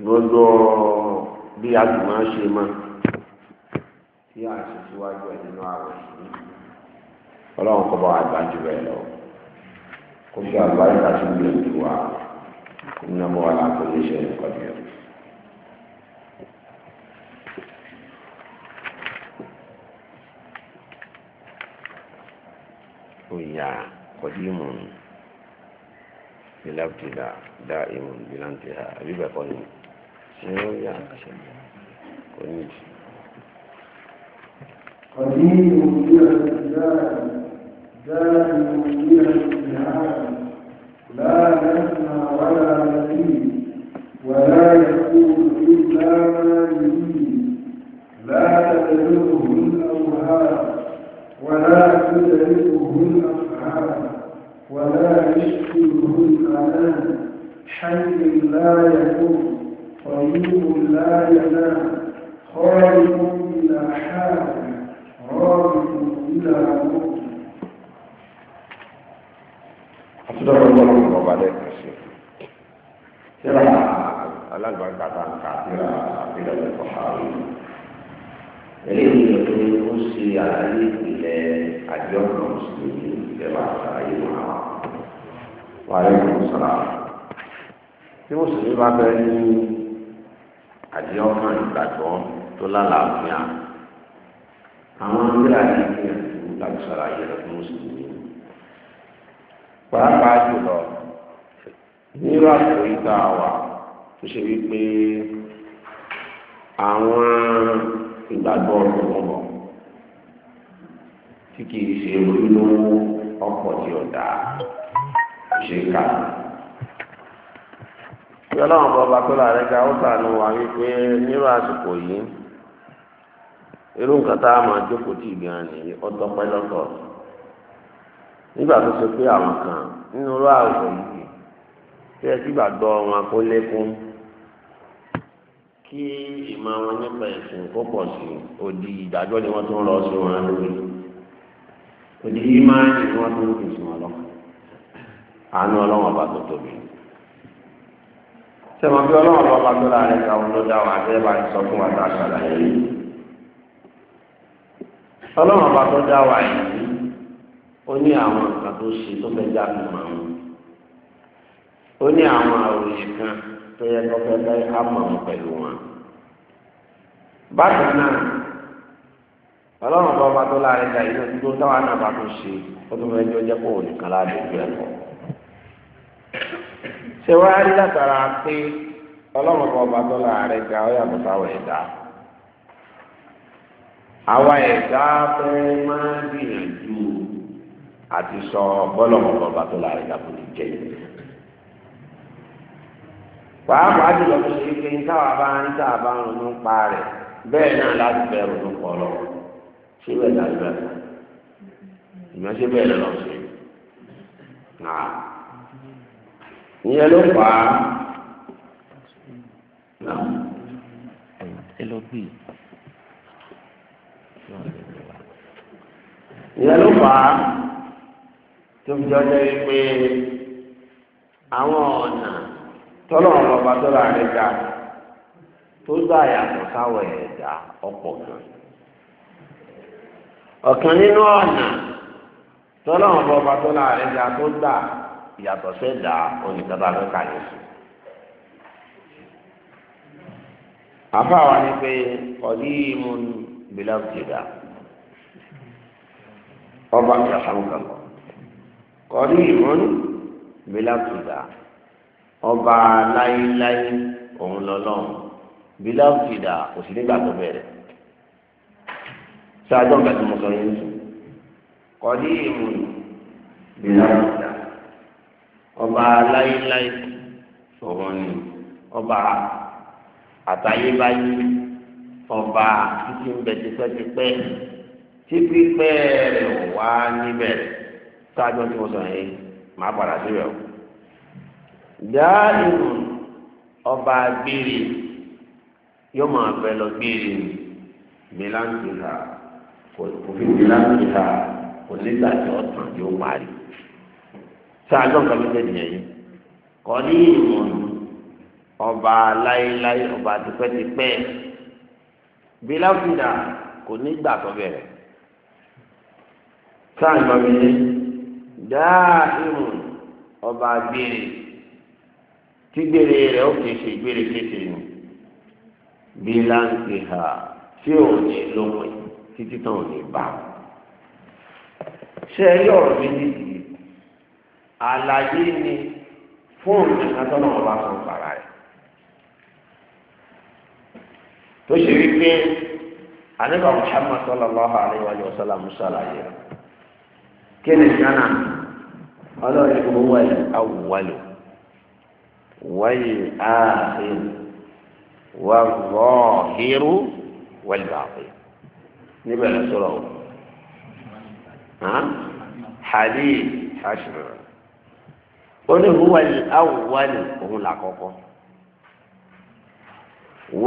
gbogbo bí agbèmọ̀ ṣe mọ́ tí a ṣe síwájú ẹ̀ nínú àwẹ̀ yìí ọlọ́run kọ́ bá wa gbà jù bẹ́ẹ̀ lọ kó kí àgbáyé ká tún gbé ìlú wa kó ní ọmọ wa làkó lè ṣe nǹkan bí ẹ̀rù. òyà kọ̀dímù bíláàbùtìlà dáìmù bíláàbùtìlà àbíbẹ̀kọ́ ni. قديم بها الزاد زاد بها الزهاد لا يسمع ولا يزيد ولا يقول الا ما يريد لا تدركه الاوهام ولا تدركه الافعال ولا يشكله الانام حي لا يكون طيب لا ينام خالق إلى حال رابط إلى موت أصدر الله وبعدك الشيخ ترى alágbàgbà tá a kà síra àbílẹ̀ ìfọ̀hárù. eléyìí tó ní ó ṣe àlàyé bá bẹ ní àti ọmọ ìgbàgbọ́ tó lálàáfíà àwọn ọmọdéra yìí gbìyànjú láti ṣàlàyé rẹ̀ fún mùsùlùmí pàápàá jùlọ nírú àpò ìta wà tó ṣe wípé àwọn ìgbàgbọ́ ọ̀gbọ̀n bọ̀ tí kìí ṣe ojúlówó ọkọ̀ tí ọ̀dà ṣe kà nke ọlọ́run bọ́ ọba tó láàrin ga ó sànù wà wípé nírú àsìkò yìí irú nǹkan tá a máa jókòó tì gan ni ó tọpẹ́ lọ́tọ̀ nígbà tó ṣe pé àwọn kan nínú irú àwọn yìí tí ẹ sì gbàgbọ́ wọn kó lékún kí ìmọ̀ wọn nípa ẹ̀sìn kó pọ̀ sí òdì ìdájọ́ ni wọ́n tún lọ sẹ́wọ̀n bí ọlọ́run bá bá tọ́lá rẹ̀ ká wọn lọ́dá wa bẹ́ẹ̀ bá ń sọ fún wa tá a ṣàlàyé yìí. ọlọ́run bá tọ́lá wa yìí ó ní àwọn nǹkan tó ṣe tó fẹ́ já fún wa ó ní àwọn àròyìn kan tó yẹ kó fẹ́ bẹ́ àmọ̀ pẹ̀lú wọn. bákan náà ọlọ́run bá bá tọ́lá rẹ̀ ká ìlú tó táwa náà bá tó ṣe ó tó fẹ́ jẹ́ kó òun nìkan láàbẹ̀ ṣé wàá rí látara pé ọlọ́run kan ọba tó láàárẹ̀ ga ọ yàtọ̀ sáwọ̀ ẹ̀dá àwa ẹ̀dá fẹ́ máa gbìyànjú àti sọ bọ́lọ̀mọ̀ kan ọba tó láàárẹ̀ ga kò ní jẹ́ ìlú. pàápàá jùlọ tó ṣe pé ní táwa bá ń tá a bá ń ronú pa rẹ̀ bẹ́ẹ̀ náà láti fẹ́ ronú pọ̀ lọ́wọ́ ṣé bẹ́ẹ̀ dájú bẹ́ẹ̀ ìgbọ́n ṣé bẹ́ẹ̀ lọ́ọ́ ṣe. ìyẹn ló fà á. ìyẹn ló fà á tó fi jọjọ yìí pé àwọn ọ̀nà tọ́lọ̀ ọ̀bọ̀bà tó rà rẹ̀ dà tó ẹ̀dá ìyàtọ̀ sẹ́dá oníkàtà mẹ́ta yẹn sùn. afa wa ni pé ọdíìmù bìlàbùjẹdà ọba ìyàsàmùkàkọ ọdíìmù bìlàbùjẹdà ọba láíláí òun lọ́lọ́run bìlàbùjẹdà kò sí nígbà tó bẹ̀rẹ̀ ṣáájú ọgbà tí mo sọ yẹn sùn ọdíìmù bìlàbùjẹdà ọba láíláí òun ni ọba àtayébáyé ọba títí ń bẹ tipẹ́tipẹ́ tí pípẹ́ rẹ̀ wá níbẹ̀ sáájú tí mo sọ yẹn màá padà síbẹ̀ o. dáàlù ọba gbére yóò máa bẹ lọ gbére mílánìlá kò fi mílánìlá kò nígbà tí ọ̀tàn yóò máa sáájọ nǹkan ló jẹ nìyẹn yìí kọ́lí ìmọ̀ ọba láéláé ọba tipẹ́tipẹ́ bíláfìdà kò ní gbà tó bẹ̀rẹ̀ sáájọ mi ní dáa ìmọ̀ ọba gbére tí gbére rẹ̀ ó kìí ṣe gbére kékeré ni bíláǹkì ha tí ò ní lópin títí tó ní bá ṣe é yọ̀rọ̀ méjì yìí àlàyé ni fún nǹkan tó náà bá sọ fara rẹ̀ tó ṣe wípé àníbà Muhammad sallallahu alaihi wa sallam ṣàlàyé rẹ̀ kí ni gánà ọlọ́run kò wọ ẹ̀ awùwalò wáyé ààfin wà rọ̀ọ̀hìrú wàlú ààfin níbẹ̀ lọ́sọ̀rọ̀ o hadith ashra oníhùwàlì awùwàlì òun làkọ́kọ́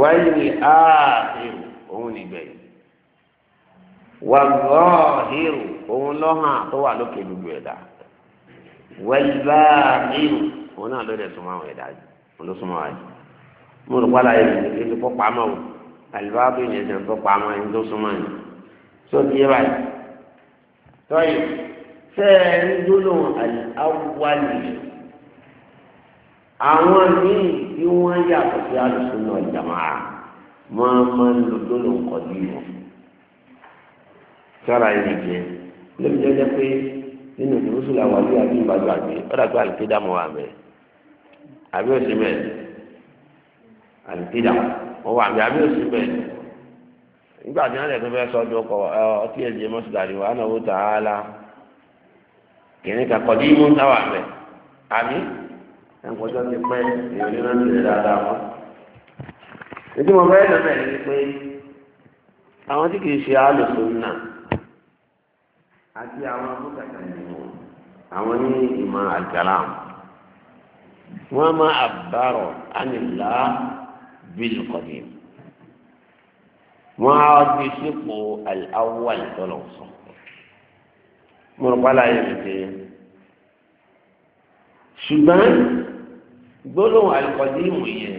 wàlì áàhìrù òun nìgbẹ̀yìn wàlọ́ọ̀hìrù òun lọ́hàn tó wà lókè gbogbo ẹ̀dá wàlì báàhìrù òun náà ló dẹ̀ súnmọ́ àwọn ẹ̀dá yìí òun ló súnmọ́ àjù mo rò pàlà yìí ní ìlú kọ́ pamọ́ o àlùbáàbò yìí ẹ̀sẹ̀ tó pamọ́ ẹni tó súnmọ́ ẹni tó ti báyìí tọ́yì sẹ́ẹ̀ ń dúró àlùwàlì yìí àwọn míì tí wọ́n yàtọ̀ sí alùsùnà ìjàmáà máa máa ń lo gbólóhùn kọjú ìwọ̀n sára ẹni jẹ lórí jẹjẹ pé nínú ìdúrósù làwọn àbí àbí ìbàdàn àgbẹ̀ ọ̀dà pé àlùkédà mọ̀ wà mẹ́ àbí òsì mẹ́ àlùkédà mọ̀ wà mẹ́ àbí òsì mẹ́ nígbà tí wọ́n lè tó fẹ́ sọ́dún ọkọ̀ ọtí ẹ̀jẹ̀ mọ́sùlárì wà náà wò tààlà kìnnìkan kọjú ìmú táwà mẹ́ àbí ẹnkọjọ ti pẹ èèyàn ní náà tẹ́lẹ̀ dáadáa mọ. ètò mo fẹ́ lọ bẹ́ẹ̀ ni pé àwọn tí kìí ṣe alùsùnà àti àwọn akókàtà ìlú àwọn ní ìmọ̀ àjàlám wọ́n máa àbárọ̀ ánìlá bílù kọ̀dí wọ́n á bí sípò àwọ̀ àìtọ́lọ̀ sọ. mo rò pálá yẹn ti ṣùgbọ́n gbólóhùn alikọdíìmù yẹn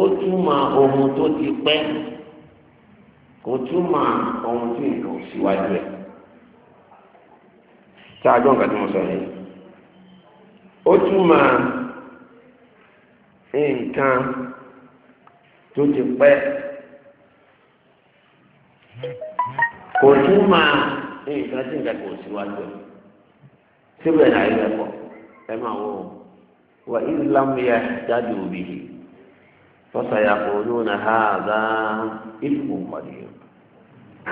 ó túmọ̀ ohun tó ti pẹ́ kò túmọ̀ ohun tí nǹkan síwájú ẹ̀ tá a gbọ́ nǹkan tí mo sọ yẹn ó túmọ̀ nǹkan tó ti pẹ́ kò túmọ̀ nǹkan tí nǹkan kò síwájú ẹ̀ síbẹ̀ náà yẹ kọ́ ẹ máa wọ́n o. وإن لم يهتدوا به فسيقولون هذا إفك قدير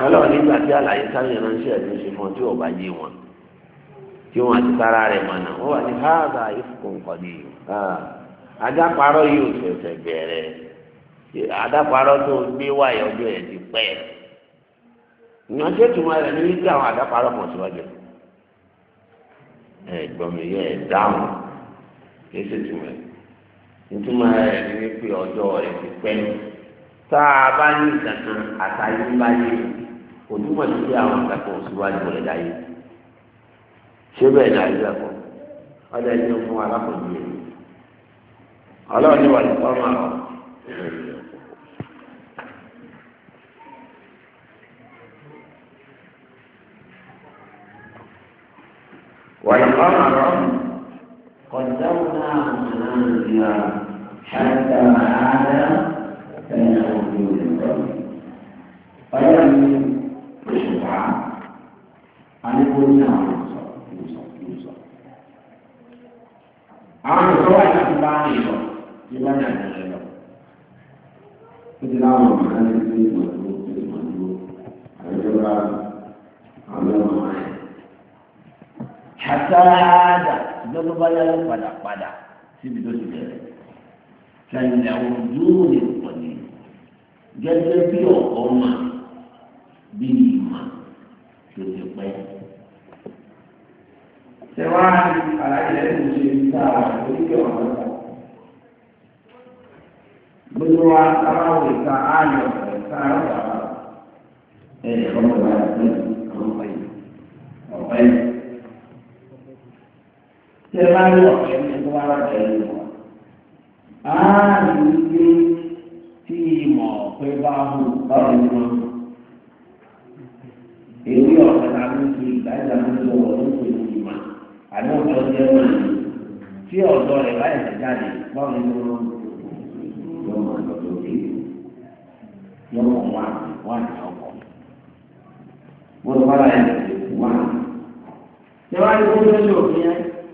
ọlọ́run nígbà tí àlàyé sáré ránṣẹ́ ẹ̀dùn ṣe fún tí ọba yé wọn tí wọn àti sára rẹ̀ mọ̀nà ó wà ní hàdà ìfúkún kọ̀dí adáparọ́ yìí ò ṣẹ̀ṣẹ̀ bẹ̀rẹ̀ adáparọ́ tó gbé wáyé ọjọ́ ẹ̀ ti pẹ́ ìyànjẹ́ tùmọ̀ rẹ̀ ní wípé àwọn adáparọ́ kan síwájú ẹ̀ gbọ́n mi yẹ ẹ̀ kìí ṣe tìmọ̀ ẹ̀ ìtumọ̀ rẹ̀ ọjọ́ rẹ̀ ti pẹ́ tá a bá ní ìkankan àtàyè báyé ojúmọ̀ sí pé àwọn rẹ̀ dáyé ṣé bẹ́ẹ̀ ni àyíká kọ́ ọjà fún ọlọ́run ní fọ́ọ̀mù àwọn. فأخذونا من الزيارة حتى ما عاد فإن أخذوه من قبل قال لي الشفعاء عن ابن عمر صلى الله عليه وسلم عمر صلى الله عليه وسلم في بني عبد الله في بني عبد الله في بني عبد الله حتى عاد lọ́dún bá yá yóò padà padà síbi tó ti bẹ̀rẹ̀ kẹ̀lẹ́ ojú ni pọ̀ ní gẹ́gẹ́ bí ọ̀kọ́ mà bí ìmọ̀ tó ti pẹ́. Ṣẹ̀wá àlàyé ẹ̀ ń ṣe níta oríkì ọ̀rọ̀ náà. Gbogbo wa sábàwò ìta ayọ̀ ìta ayọ̀ bàbá. Ẹ̀ ọmọ ìwà ìpín ọmọ ìwà ọ̀pẹ́ yìí tẹ bá rí ọ̀kẹ́ ní ẹgbẹ́ wa láti ẹ̀yìn wọn. a rí pé tí ìmọ̀ pé bá hù báwo ni wọ́n èyí ọ̀kẹ́ ta ló ń fi ìdájà ló ń lọ ló ń pè ní ìmọ̀ àbí ọ̀dọ́ jẹ́ wọn tí ọ̀dọ́ rẹ̀ bá ẹ̀sẹ̀ jáde báwo ni wọ́n yọ ọmọ lọ́dọ̀ òkè yọ ọmọ wa wà ní ọkọ̀ wọ́n bá láyé wà. ṣé wàá ní kó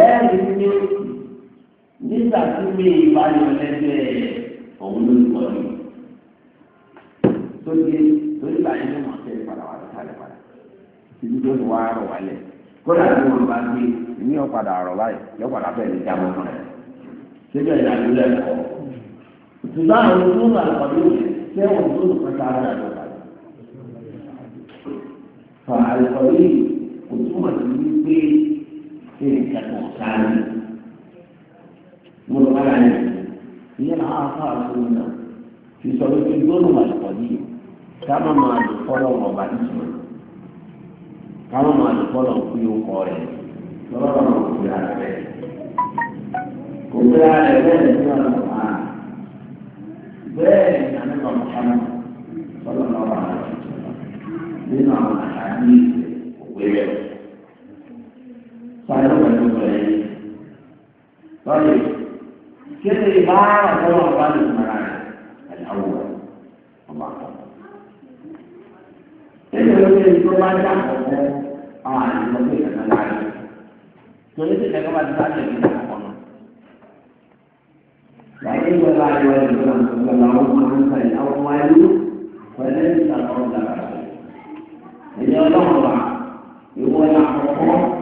ẹ̀ẹ́dì pé nígbà tí mi ìbá yọ lẹ́gbẹ̀ẹ́ òun ló ń pọ̀ ní. tó di torí láyé ló mọ̀ sí ìpadà wà lọ́sàlẹ̀ padà títí tó ti wá rọ̀ wálẹ̀ kódà tí wọn bá gbé èmi rọ̀ báyìí padà bẹ́ẹ̀ ní síbẹ̀ lẹ́kọ̀ọ́ àwọn tó ń sẹ́wọ̀n tó ń pẹ́ta rẹ̀ àlùkò yìí kò túmọ̀ sí wípé تلك الأحسان مرغلة هي الآثار سنة في صلاة الظلم القديم كما ما الفرع وبعثنا كما ما الفرع في قارئ فرعنا في هذا كنت على ذلك من القرآن بين أن محمد صلى الله عليه وسلم بما أحاديث وغيره فايدة من الغيب طيب كده عبارة هو أفضل المراعي الأول الله أكبر إذا لم يكن ما يعرفه آه المطلوب أن نعرف تريد أن كما تتعلم من الحقنا لكن ولا يوجد لهم أنت الأول فليس قبل الأول إذا الله يقول أحقه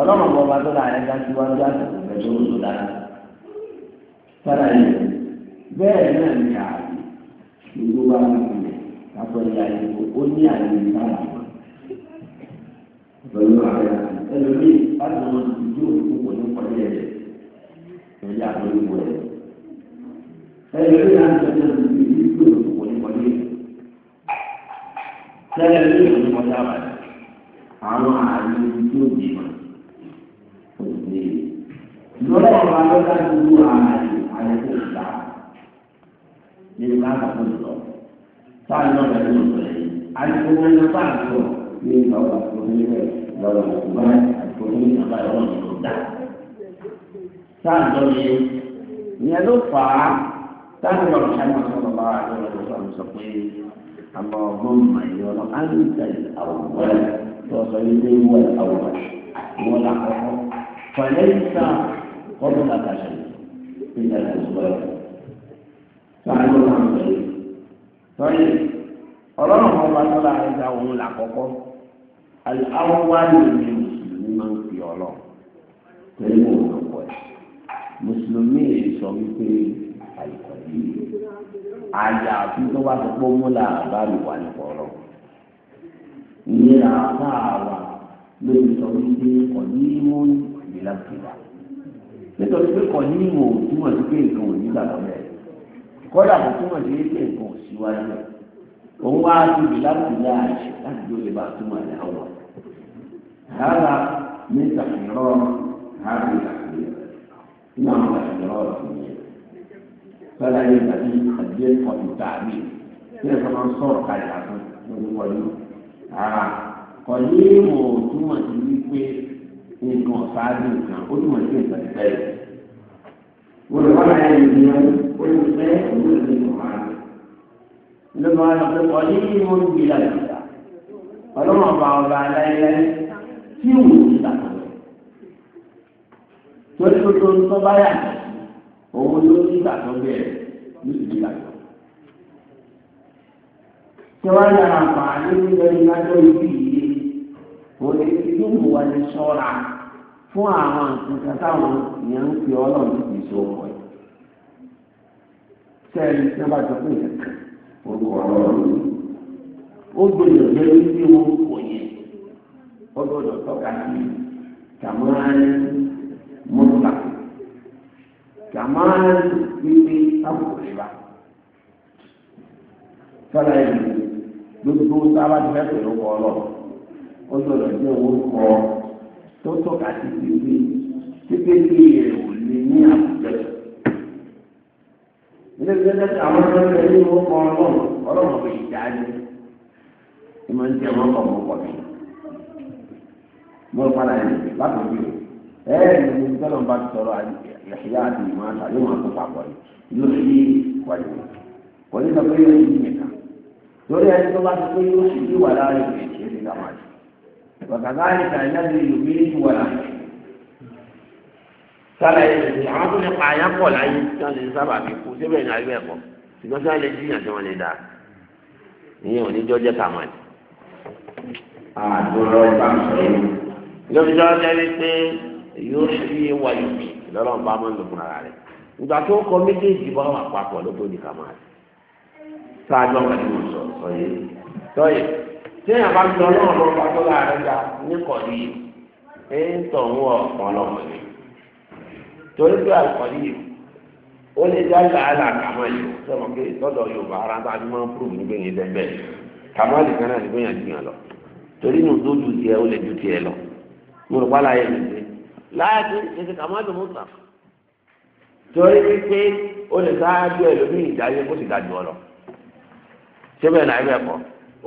ọlọ́run bọ̀ bá tó la rẹ̀ dájú wá dájú pẹ̀lú òṣù dára sára yìí bẹ́ẹ̀ náà ni ààyè ìlú wa ń gbìyànjú kápẹ́ ní ààyè ó ní ààyè sára pẹ̀lú ààyè ẹlòmíì láti wọn ìdí òkú kò ní pọ̀lú ẹ̀ lórí àgbélùwò ẹ̀ ẹlòmíì láti wọn ìdí òkú kò ní pọ̀lú ẹ̀ sẹ́lẹ̀ ní ìlú mọ́tàbà àwọn ààyè ìdí òkú lọ́dọ̀ àwọn alọ́dá gbogbo àmàlẹ́ àyẹ̀kọ́ ìgbà ní ìgbà àkàtọ́ ìtọ́ táwọn náà bẹ̀rẹ̀ ní ìtọ́ yìí àyẹ̀kọ́ wọn ní apá àtọ́ ní ìgbà wà tó ní ilẹ̀ lọ́dọ̀ ìgbà àtọ́ ní ìjọba ìwọ̀n ní ìlú dá. táwọn náà yẹ ìyẹn ló fà á táwọn náà ṣe máa sọ̀rọ̀ bá àjọyọ̀ lọ́sọ̀rọ̀ tó sọ قبل عشر من الأسبوع فعلوا عن طريق طيب ọlọ́run ọba tọ́lá ẹja òun làkọ́kọ́ aláwọ̀wáyé ni mùsùlùmí máa ń fi ọlọ́ pẹ̀lú òun ọ̀pọ̀ ẹ̀ mùsùlùmí yìí sọ wípé àìkọ́ yìí àyà àti tó bá ti pọ́ múlá bá mi wà ní ọ̀rọ̀ ìnira àbá wa lórí sọ wípé ọ̀dí mú ìlàkìlà nítorí pé kàn ní ìwò túmọ̀ sí pé nǹkan ò ní gbàgbọ́ rẹ̀ kọ́dà kò túmọ̀ sí pé nǹkan ò síwájú rẹ̀ òun wá síbi láti ilé àṣẹ láti tó lè bá túmọ̀ ní àwọn rárá ní ìtàkìrọ̀ rárá ìtàkìrọ̀ ní àwọn ìtàkìrọ̀ ọ̀sìn yẹn fẹ́lá yẹn tàbí àdé ọ̀dùn tàbí tí ẹ̀ka máa ń sọ̀rọ̀ káyà fún lórí wọlé rárá kàn ní ìwò túmọ̀ sí wípé nǹkan ọ̀sáájú nǹkan ó túmọ̀ sí nǹkan ti bẹ́ẹ̀. olùkọ́ni ayé ni olùfẹ́ olùfẹ́ ìmọ̀ràn lọ́mọ àlọ́pẹ́ ọ̀ní ni wọ́n gbé lálẹ́ ọlọ́mọ ọba ọba aláìláì tí ò ní ìtàkùn torí gbogbo nǹkan bá yà òun ló ní ìtàkùn bẹ́ẹ̀ ní ìtàkùn tí wọ́n yára pa ní ilẹ̀ ìdájọ́ ìbí òní ìdúró wa ní sọ́ra fún àwọn nǹkan táwọn èèyàn ń fi ọlọ́run ti sọ ẹ̀. sẹ́ẹ̀lì tí wọ́n bá jọ pé ìyẹn kan orúkọ ọlọ́run ni ó gbọdọ̀ jẹ́ orúkọ yẹn ó tọ́ka sí mọ́tà ó gbọ́dọ̀ jẹ́ orúkọ tó tọ́ka sí pípé pípé tí rẹ̀ ò lè ní àbùjá. ilé ìgbésẹ̀ tí àwọn ọmọ ẹgbẹ́ ní orúkọ ọlọ́run ọlọ́run kò ìjà ni ẹ máa ń jẹ wọn kọ̀ mọ́ mi. mo padà yìí látòjú ẹ ẹ ní tọ́lọ̀ bá ti sọ̀rọ̀ àyàṣíyá àti ìmọ̀ àṣà yóò máa tó papọ̀ yìí yóò ṣí lórí ẹni tó bá ti pé yóò ṣí wà láàrin ìgbésẹ̀ ìgbà máa ṣe. وكذلك الذي يميت ولا sára ẹ̀sìn àwọn tó lè pa àyà pọ̀ láyé tí wọ́n lè sábà fi kú síbẹ̀ ní àríwá ẹ̀kọ́ ṣùgbọ́n tí wọ́n lè jiyàn tí wọ́n lè dà ìyẹn ò ní jọ́ jẹ́ tàmà ní. àdúrà ọba sọ̀rọ̀ lọ́jọ́ jẹ́ wípé yóò ṣí wáyé mi lọ́rọ̀ bá máa ń lò fún ara rẹ̀ ìgbà tó kọ méjèèjì bá wà papọ̀ ló tó di kàmáà sáájú ọkàn tí sọ sọ yìí tí èèyàn bá tọ náà lọ bá tó láàrin ga níkọ̀ọ́lì ẹ̀ ń tọ̀ ọ̀pọ̀ lọ́mọ ni torí pé ó lè sọ̀rọ̀ pé lọ́dọ̀ Yorùbá ara a máa ń púrò nígbè lọ torí tó ju tiẹ̀ ó lè ju tiẹ̀ lọ mo rò pálá yẹn nìyẹn torí pé lè sáájú lómi ìdájọ́ kó lọ náà ẹ bẹ́ẹ̀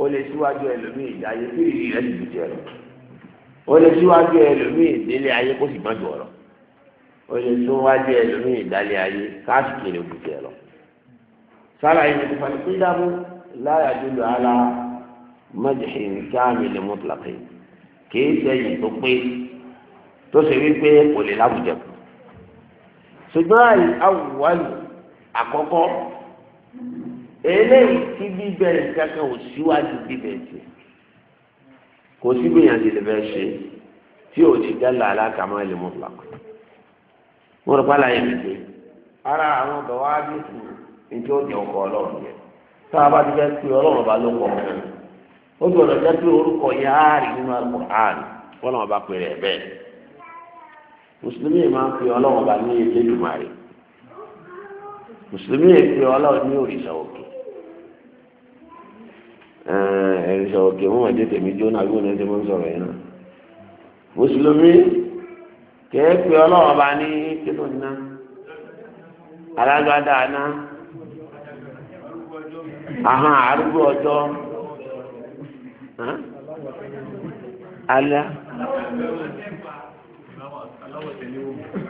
ó lè síwájú ẹlòmíì ìdáyé tí ìrì rẹ̀ ti dùjẹ́ lọ ó lè síwájú ẹlòmíì ìdílé ayé kó sì gbọ́njú ọ̀rọ̀ ó lè síwájú ẹlòmíì ìdálé ayé káàkiri òdùjẹ́ lọ. sára yìí ti fani pé dábò láyà dúdú ara mọ́jìṣìn káàmì lè mú tìlápẹ́ kìí sẹ́yìn tó pé tó ṣe wípé kò lè láwùjẹ kù ṣùgbọ́n àwùwálù àkọ́kọ́ eléyìí tí bíbẹ̀rẹ̀ kankan ò síwájú bíbẹ̀rẹ̀ tiẹ̀ kò sí gbìyànjú lè fẹ́ ṣe tí ti dá làálà kàmá lè mú fìlà pẹ́. mo rò pálá yẹn ara àwọn ọ̀dọ́ wa bí sùn níjẹ́ ó jẹ́ ọkọ̀ ọlọ́run yẹn tá a bá ti fẹ́ pé ọlọ́run bá ló kọ̀ kan ó ti ọ̀dọ̀ pé orúkọ yẹn á rí nínú bá pè ẹ̀rìṣà òkè mọ́ wà jẹ́ tèmi jóná bí wọ́n ti mọ́ sọ̀rọ̀ yẹn mùsùlùmí kẹ́ẹ́ ọlọ́wọ́ bá ní kíló ná alágbádá ná ahọ́n arúgbó ọjọ́ alá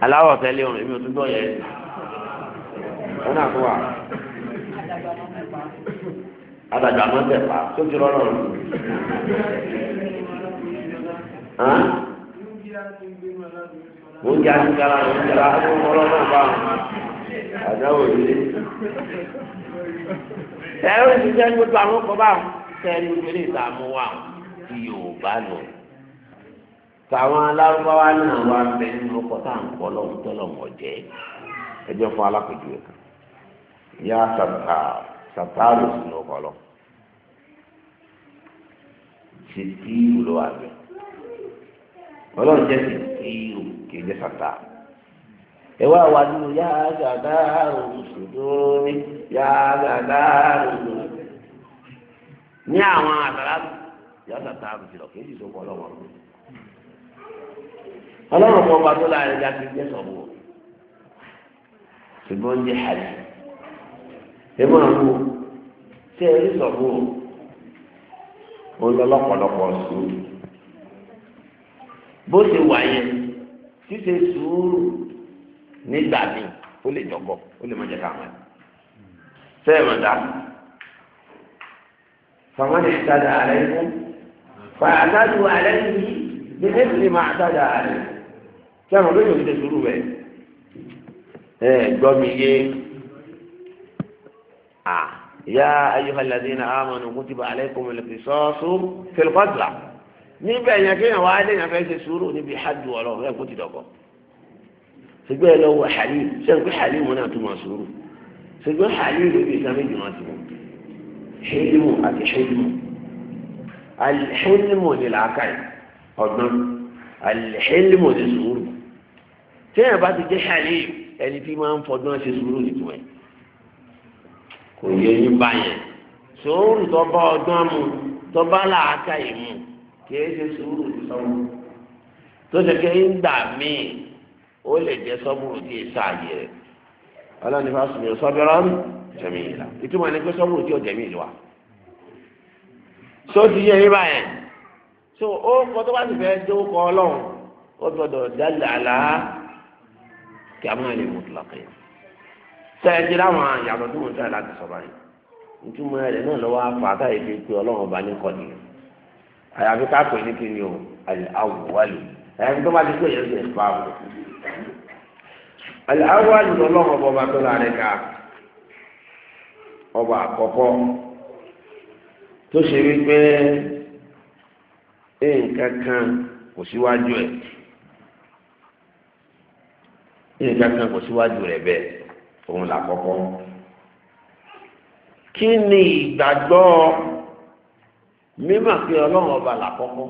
aláwọ̀ tẹ́lẹ̀ èmi ò tún gbọ́ yẹn adájọ́ àmọ́ tẹ̀ pa tó ti rọ́nà rẹ̀. mo ń jẹ àtúntàrà mo ń jẹrà àwọn ọmọ ọlọ́run bá àdáwò ilé. ẹ̀rọ ìṣiṣẹ́ gbogbo àwọn ọkọ̀ bá sẹ́ni ìpínlẹ̀ ìdààmú wa ti Yorùbá nù. tàwọn alárúbáwá náà wà bẹ nínú ọkọ̀ tá à ń kọ́ lọ́wọ́ tọ́lọ́mọ̀ jẹ́ ẹjọ́ fún alákòjú ẹ̀ka. yá sàbà. sàtàrù sínú ọpọlọ sìtìrù ló wà bẹ ọlọ́run jẹ́ sìtìrù kì í jẹ́ sàtàrù ya wà nínú yá gàdáàrù sùdúrúmi yá gàdáàrù ní àwọn àtàrà yá sàtàrù sílọ kì í sì sọpọ ọlọ́run ọlọ́run tó láàrin jáde jẹ́ sọ̀bù ṣùgbọ́n jẹ́ ẹ máa wo tí ẹ rí sọ̀bù ó lọ lọ́pọ̀lọpọ̀ sùúrù bó ṣe wà yẹn ṣíṣe sùúrù nígbà míì ó lè jọ̀bọ̀ ó lè má jẹ́ ká mọ̀ ẹ́ sẹ́yìn máa dà fàmọ́lì ìtajà rẹ̀ fún fàtàdù àlẹ́ yìí ní ẹ̀sìn máa tajà rẹ̀ sẹ́yìn máa lóyún ṣe sùúrù bẹ́ẹ̀ ẹ̀ gbọ́ mi yé. آه. يا أيها الذين آمنوا كتب عليكم القصاص في القتلى níbẹ̀ yẹn kí yẹn wáyé lẹ́yìn afẹ́ ṣe sùúrù níbi hajj ọlọ́run ẹ̀ kó ti dọ̀kọ́ ṣùgbọ́n ẹ lọ wọ halim ṣẹ́yìn pé halim náà tún máa sùúrù ṣùgbọ́n halim níbi ìsan méjì máa ti mú ṣéyìmù àti ṣéyìmù alḥílmù ni làákàyè ọ̀gbọ́n alḥílmù ni sùúrù tí yẹn bá ti jẹ́ halim ẹni tí máa ń fọdún ṣe sùúrù nìtúwẹ̀ẹ́ kò yẹ yín báyẹn sòwòrò tọba ọgbọ́n mu tọba làákà yìí mu kìí ṣe sòwòrò sọmọ tó ṣe kí ń gbà míì ó lè jẹ sọmọ òdì ìsáàyè rẹ ọlọ́ni fásitì mi ò sọ́bẹ̀rọ̀ jẹ̀mí ìlà ìtumọ̀ ẹni pé sọmọ òdì ọ̀jẹ̀mí ìlú wa so ti yẹ yín báyẹn so ó kọ tó bá ti fẹ́ dé ó kọ ọlọ́run ó gbọdọ̀ dálẹ̀ àlá kí a máa lè mú tó lọ́kàn yẹn tẹ́ẹ̀dì láwọn àyàtọ̀ tó ń sọ̀rọ̀ láti sọ̀rọ̀ yìí ìtumọ̀ rẹ̀ náà lọ́wọ́ àfàtà èdè pé ọlọ́run ọba ní kọ́ni àyàfi ká ní kíni o àwòwálì àyàfi tó bá ti pè yẹn sí ẹ̀fọ́ àwọ̀ àwòwálì ọlọ́run ọba ọba tó láre ká ọba àkọ́kọ́ tó ṣe wípé nǹkan kan kò síwájú ẹ̀ nǹkan kan kò síwájú rẹ̀ bẹ́ẹ̀ òun làkọ́kọ́ kí ni ìgbàgbọ́ mímọ̀ pé ọlọ́run ọba làkọ́kọ́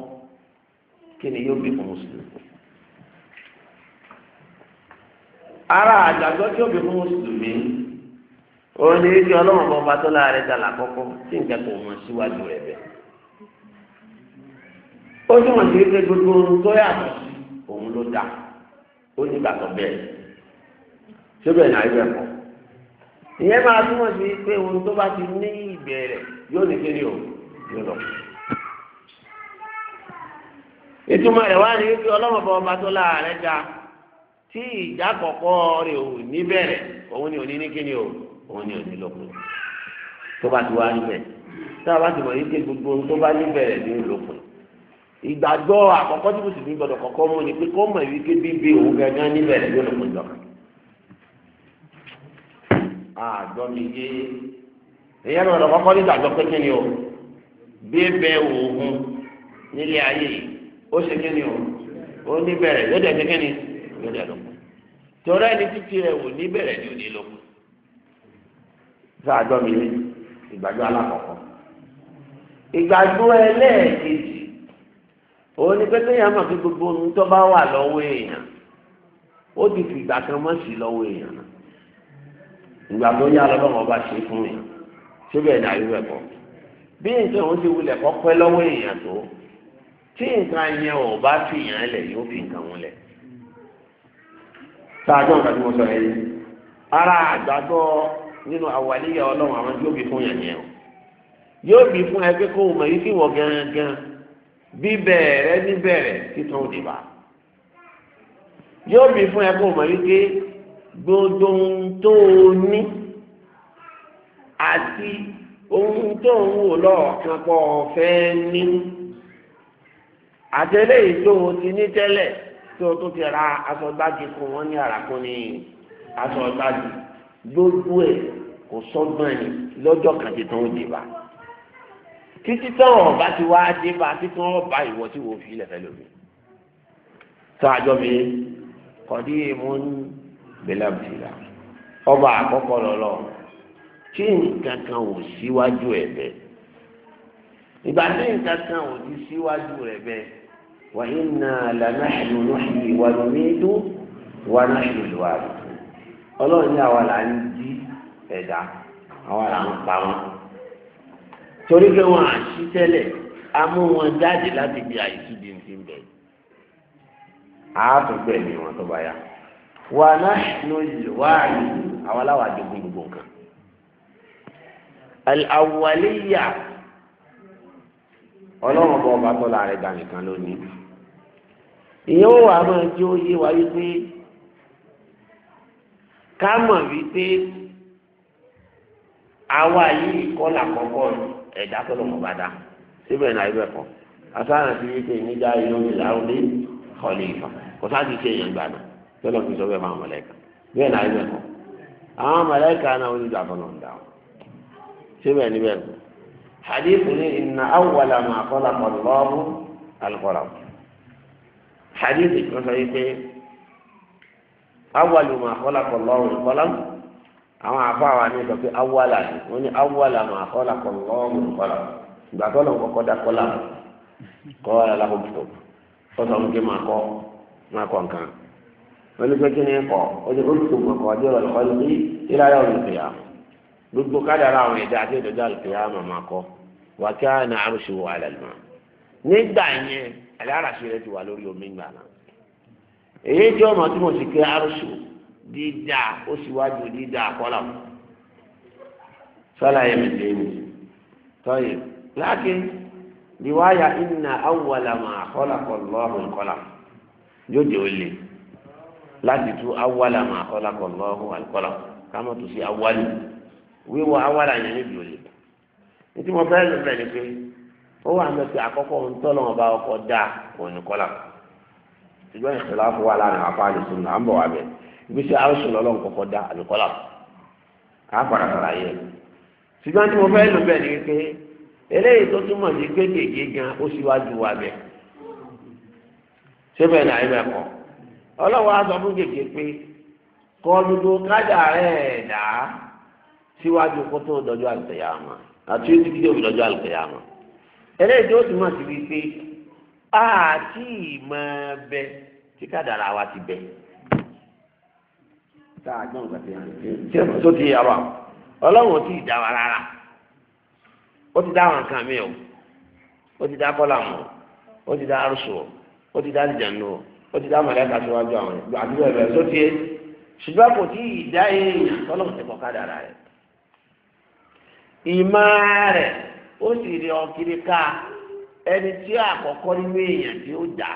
kí ni yóò bí fún mùsùlùmí ara àgbàgbọ́ tí yóò bí fún mùsùlùmí òun ni wípé ọlọ́run ọba tó láàrin ta làkọ́kọ́ tí nǹkan kò mọ̀ síwájú rẹ̀ bẹ́ẹ̀ ó túmọ̀ sí wípé gbogbo ohun tó yàtọ̀ sí òun ló dá ó nígbà tó bẹ́ẹ̀ síbẹ̀ ní àyè bẹ́ẹ̀ kọ́. ìyẹn máa túmọ̀ sí pé ohun tó bá ti ní ìbẹ̀rẹ̀ yóò ní kéde o yóò lọ. ìtumọ̀ rẹ̀ wá ní wípé ọlọ́mọ ọba tó láàárẹ̀ ga tí ìjà kọ̀kọ́ rẹ̀ ò ní bẹ̀rẹ̀ òun ni ò ní ní kéde o òun ni ò ní lọ́kùn tó bá ti wá níbẹ̀ tá a bá ti mọ̀ yí pé gbogbo ohun tó bá ní bẹ̀rẹ̀ ní lọ́kùn ìgbàgbọ́ àkọ́kọ́ tí mo sì fi gbọ́dọ̀ kọ́kọ́ mú ni pé kó mọ̀ àjọ mi yé èyí ẹ̀rọ ọ̀dọ̀kọ́kọ́ ní ìgbàgbọ́ pé kí ni o bí bẹ òògùn nílé ayé ó ṣe kí ni o ó ní bẹ̀rẹ̀ yóò dẹ̀ ṣe kí ni yóò dẹ̀ lókun torí ẹni títí rẹ̀ wò ní bẹ̀rẹ̀ ni ò ní lókun sọ àjọ mi yé ìgbàgbọ́ alákọ̀ọ́kọ́ ìgbàgbọ́ ẹlẹ́ẹ̀kejì òun ni pé téèyàn mọ̀ pé gbogbo ohun tó bá wà lọ́wọ́ èèyàn ó ti fìgbà kan mọ̀ sí lọ́wọ́ èèyàn náà ìgbà tó yá lọ́wọ́ bá ṣe fún mi síbẹ̀ dàrú rẹ̀ pọ̀ bí nǹkan òun ti wulẹ̀ kọ́ pẹ́ lọ́wọ́ èèyàn tó tí nǹkan yẹn ò bá fi yàn án lẹ̀ yóò fi nǹkan wọn lẹ̀. sáájú ọ̀gá tí mo sọ yẹn ara àgbàgbọ́ nínú àwàlíyà ọlọ́run àwọn yóò bí fún yàn yẹn o yóò bí fún ẹ kó o mọ̀ yìí sì wọ̀ gangan bí bẹ̀rẹ̀ ní bẹ̀rẹ̀ títún òdìbà yóò bí fún ẹ kó o mọ̀ yìí pé gbogbo ohun tó o ní àti ohun tó ń wò lọ́ọ̀kan pọ̀ fẹ́ ní àtẹlẹ́yìn tó o ti ní tẹ́lẹ̀ tí o tún ti ra aṣọ gbági fún wọn ní àràkùnrin aṣọ gbági gbogbo ẹ̀ kò sọ́gbọ́n ni lọ́jọ́ kan ti tán ó dé bá títí tán ọba ti wá dé bá títí wọn bá ìwọ tí wò ó fi ilẹ̀ fẹ́ lómi. sọ àjọ mi kọ̀dí èèmọ̀ ní bẹ́lá bìlà ọba àkọ́kọ́ lọ́lọ́ tí nǹkan kan ò síwájú ẹ̀ bẹ́ẹ̀ ìgbà tí nǹkan kan ò ti síwájú rẹ̀ bẹ́ẹ̀ wà iná lànà ìlú ìwà lómìnirú wà náà ìlú wa ọlọ́run ní àwa là ń jí ẹ̀dá àwa là ń pa wọn torí pé wọn àṣì tẹ́lẹ̀ a mú wọn jáde láti bí àìsí bí n ti bẹ̀ á tún gbẹ̀mí wọn tó bá yá wà nahnu al-wari àwọn aláwọ̀ àjogún gbogbo nǹkan. al-awwaliyya ọlọ́run bọ́ ọba tọ́lá rẹ̀ gbà nìkan lónìí. ìyẹn ó wà máa jẹ́ òye wa wípé ká mọ̀ wípé àwa yìí kọ́ làkọ́kọ́ ẹ̀dá tọ́lọ́mọ̀ bá dá síbẹ̀ náà ibẹ̀ kọ́ asáhàn ti wípé níjà yóò lárúdé kọ́lé ìfà kò sáà ti ṣe èèyàn gbà náà tọ́lọ̀ fi sọ bẹ́ẹ̀ máa mọ̀lẹ́ka bẹ́ẹ̀ náà ibẹ̀ kọ́ àwọn mọ̀lẹ́ka náà wọ́n ti dà fọlọ́ ńdà wọn ṣé bẹ́ẹ̀ ni bẹ́ẹ̀ kọ́ hadith ni inna awwala ma khalaqa Allahu al-qalam hadith kan sọ yìí pé awwalu ma khalaqa Allahu al-qalam àwọn afáwa ni sọ pé awwala ni wọ́n ní awwala ma khalaqa Allahu al-qalam ìgbà tọ́lọ̀ kọ́kọ́ dá kọ́lá kọ́ ọ́ onígbẹ́kí ni kọ́ ọjọ́ olùsọ̀gbọ̀n kọ́ ọjọ́ ọ̀lọ́kọ́ ní ìráyà olùkìyà gbogbo kádàrà àwọn ẹ̀dá àti ìdọ́jà olùkìyà màmá kọ́ wà kí àná àrùsù wà lẹ́nu. nígbà yẹn aláràṣẹ rẹ ti wà lórí omi gbà náà. èyí tí ọmọ tí mo sì ké àrùsù dídá ó sì wájú dídá kọ́là mọ́. sọ́lá yẹn mi dé mi tọ́yẹ̀ láàkín riwaya inna awwala ma khalaqa Allahu al-qalam yóò jẹ́ olè. láti tú awala máa kọ́lá kọ́ lọ́hùn àlùkọ́lá ká sí awali wíwọ awala yẹn níbi òye nítorí mo fẹ́ ni pé ó wà mẹ́tẹ́ àkọ́kọ́ ń ọba ọkọ̀ dá òní ṣùgbọ́n àdìsùn ń bọ̀ wá lọ́lọ́ dá ṣùgbọ́n mo fẹ́ ni pé eléyìí tó túmọ̀ sí kéékèèké gan ó wa ọlọ́wọ́ á sọ fún gègé pé kọ gbogbo kájà rẹ̀ dá síwájú kó tó dọjọ́ àlùkìyámà àti oṣù kí tó fi dọjọ́ àlùkìyámà eléyìí tó túmọ̀ sí wípé àti ìmọ̀ bẹ tí kádàrá wa ti bẹ tá a gbọ́n gbàtẹ́ yẹn tó ti yàrá ọlọ́run ò dá wa rárá ó ti dá àwọn nǹkan mi o ó ti dá kọ́là mọ́ ó ti dá arúṣọ ó ti dá àlìjánu o. ó ti dá mọ̀lẹ́ka síwájú àwọn àdúgbò ẹ̀rọ tó ti ṣùgbọ́n kò tí ì dá èèyàn tọ́lọ́mù ti kọ́ká dára rẹ̀ ìmọ̀ rẹ̀ ó sì rí ọkiri ká ẹni tí àkọ́kọ́ nínú èèyàn tí ó dá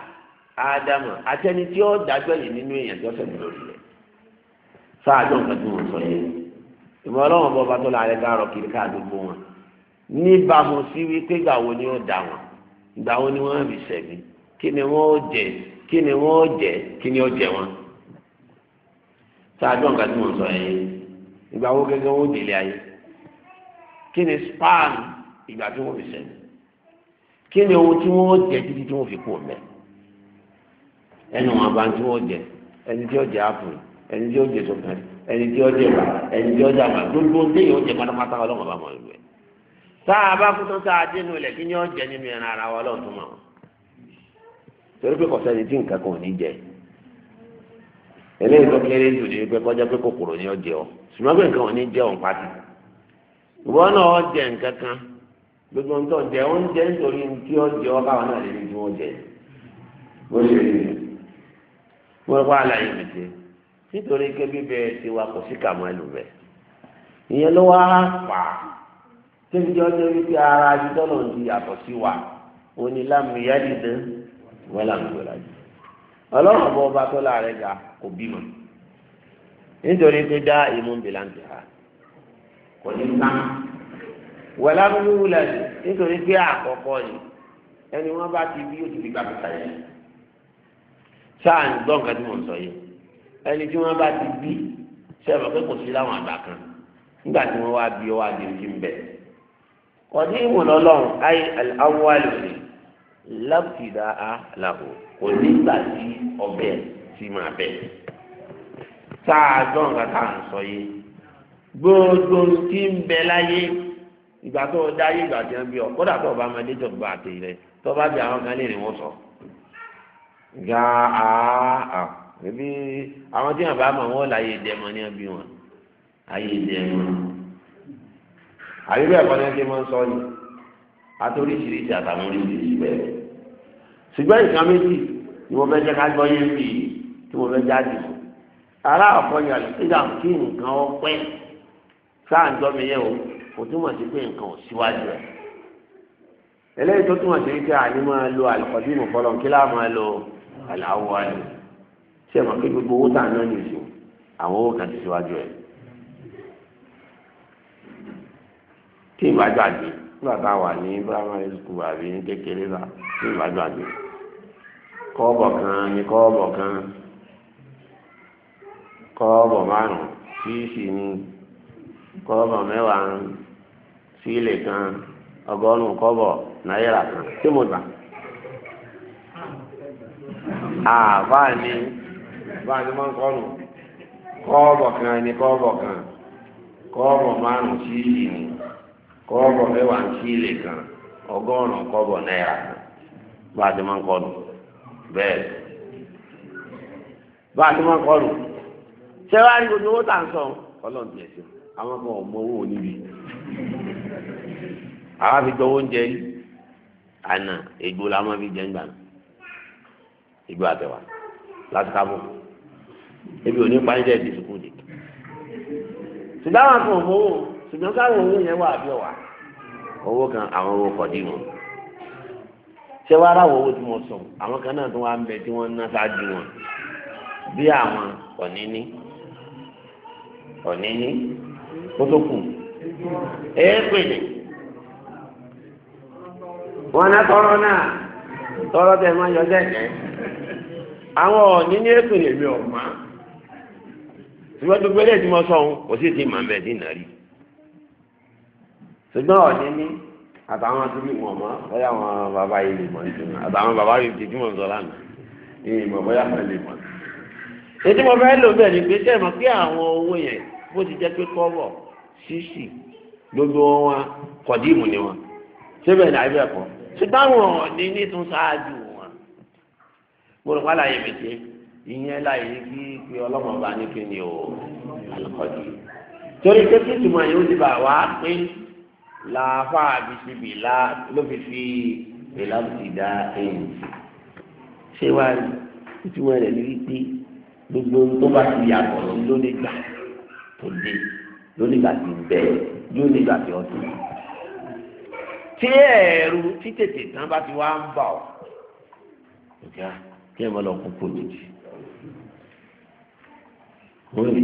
ádámù àti ẹni tí ó dágbẹ̀yìn nínú èèyàn tí ó lórí rẹ̀ sáájú nǹkan tí sọ yẹn ìmọ̀ ọlọ́run bọ́ bá tó ká kiri ká ni ó dá wọn ìgbà ni wọ́n rí sẹ̀mí kí kí ni wọ́n jẹ kí ni ó jẹ wọn sáájú ọ̀gá tí mo sọ yẹn ìgbà wo gẹ́gẹ́ wọ́n délé ayé kí ni span ìgbà tí wọ́n fi sẹ́yìn kí ni ohun tí wọ́n jẹ títí tí wọ́n fi kú ọ̀mẹ́ ẹnu wọn bá ń tí wọ́n jẹ ẹni tí ó jẹ apple ẹni tí ó jẹ sọkàn ẹni tí ó jẹ bá ẹni tí ó jẹ àgbà gbogbo ohun tí èèyàn jẹ pátápátá ọlọ́mọba mọ̀ ẹ̀ tá bá kú tó tá dénú ilẹ̀ kí ni ó jẹ nínú ẹran ara wa ọlọ́run tó mọ̀ wọn torí pé kọ̀sẹ́ni tí nǹkan kan ò ní jẹ eléyìí tó kéré jù ní pé kọjá pé kòkòrò ni ó jẹ ọ ṣùgbọ́n pé nǹkan ò ní jẹ òun pàtì ìwọ náà ó jẹ nǹkan kan gbogbo ń tọ́ jẹ oúnjẹ nítorí tí ó jẹ ọ káwọn náà lè ní tí wọ́n jẹ bó ṣe rí mo rọ́ àlàyé mi ṣe nítorí pé bíbẹ tiwa kò sí kàmú ẹlòmẹ ìyẹn ló wá pa tẹ́lifíjọ́ jẹ́ wípé ara ajútọ́nà ti yàtọ̀ sí wa onílàmúyálì náà. wọn làwọn ìwé la jù ọlọ́run ọba ọba tó láàrẹ̀ ga kò bímọ nítorí pé dá ìmú bìlà ń tẹ̀ra kò ní ká wọ́n lábúrú wúlẹ̀ nítorí pé àkọ́kọ́ ẹni bá ti bí òtún gbígbà kàkà yẹn sáà ń gbọ́ nǹkan tí mo ń sọ yìí ẹni tí bá ti bí sẹ́wọ̀n pé kò sí láwọn àgbà kan nígbà tí wọ́n wá bí láfìdá a làwò kò nígbà tí ọbẹ̀ ti máa bẹ̀. tá a gbọ́ nǹkan tá à ń sọ yìí gbogbo tí ń bẹ láyé ìgbà tó o dá yé ìgbà tí wọ́n bí ọ kódà tó o bá máa dé tó o bá àtẹ rẹ tó o bá bí àwọn kan lè rìn wọ́n sọ. ga a a ebi àwọn tí wọn bá mọ wọn láyé dẹmọ ní ẹbí wọn ayé dẹmọ àbí bẹ́ẹ̀ kọ́ ní ẹbí wọn sọ yìí àtòríṣiríṣi àtàwọn oríṣiríṣi bẹ́ẹ̀ ṣùgbọ́n nǹkan méjì ni mo fẹ́ jẹ́ ká gbọ́ yẹn bí tí mo fẹ́ jáde mọ́ ara àfọyà ìdá kí nǹkan ọpẹ́ sáà ń dọ́mi yẹ o kò túmọ̀ sí pé nǹkan ò síwájú ẹ̀ eléyìí tó túmọ̀ sí pé àní máa lo àlùkọ́dí ìmọ̀fọ́lọ́ kí láà máa lo àlàáwọ̀ àlù ṣé ẹ̀ mọ̀ pé gbogbo owó tàn náà nìṣó àwọn owó kan ti síwájú ẹ̀ tí ìbájú àgbẹ̀ nígbà tá a wà ní primary school àbí ní kékeré la ní kọ́ọ̀bọ̀ kan ní kan kọ́ọ̀bọ̀ márùn-ún fíìsì ní kọ́ọ̀bọ̀ mẹ́wàá kan ọgọ́rùn-ún kọ́ọ̀bọ̀ kan tí mo gbà. àbáà ni kan ní kan kọ́ọ̀bọ̀ márùn-ún fíìsì kọ́bọ̀ mẹ́wàá ń kí ilé kan ọgọ́rùn-ún kọ́bọ̀ náírà bá a ti máa ń kọ́ nù bẹ́ẹ̀ bá a ti máa ń kọ́ nù sẹ́wárí gbogbo owó tà ń sọ ọlọ́run tiẹ̀ sí àwọn kan ò mọ owó níbi àwa fi gbọ́ oúnjẹ rí àná egbò la máa fi jẹ́ ńgbà egbò àtẹ̀wà láti kábọ̀ ebi ò ní pa ní dẹ́ẹ̀dì àwọn kan ò ṣùgbọ́n káwọn owó yẹn wà àbí ọ̀wà. owó kan àwọn owó kọ̀ dìmọ̀ ṣé wàá owó tí mo sọ àwọn kan náà tó wá ń bẹ tí wọ́n ná ṣáájú wọn bí àwọn ọ̀níní wọn tọrọ náà tọrọ tẹ máa yọ sẹ́kẹ́ àwọn ọ̀níní mi ò ṣùgbọ́n gbogbo kò ṣùgbọ́n ọ̀ní ní àtàwọn tó bí wọn mọ́ bóyá àwọn bàbá yìí lè mọ̀ ìtumọ̀ àtàwọn bàbá yìí ti túmọ̀ sọ lánàá ìyìn mọ̀ bóyá wọn lè mọ̀. ètò mo fẹ́ lò bẹ́ẹ̀ ni pé sẹ́ẹ̀ mọ̀ pé àwọn owó yẹn bó ti jẹ́ pé kọ́bọ̀ ṣíṣì gbogbo wọn kọ̀díìmù ni wọn síbẹ̀ ní àbẹ̀ kọ́ ṣùgbọ́n àwọn ọ̀ní ní tún ṣáájú wọn. mo rò wá láyé mi ṣe ìyẹn láyé kí pé ọlọ́mọba ní kí ni ò alùpàdé torí pé làáfà bísíbì lá ló fi fi ìlà ti dá ẹ̀yìn ṣé wàá rí ìtumọ̀ rẹ̀ ní wípé gbogbo tó bá ti yàtọ̀ lónìí gbà tó dé lónìí gbà tí ń bẹ lónìí gbà tí ọdún tí ẹ̀rù tí tètè tán bá ti wá ń bà ọ́ ọ̀gá kí ẹ máa lọ kú kó lòdì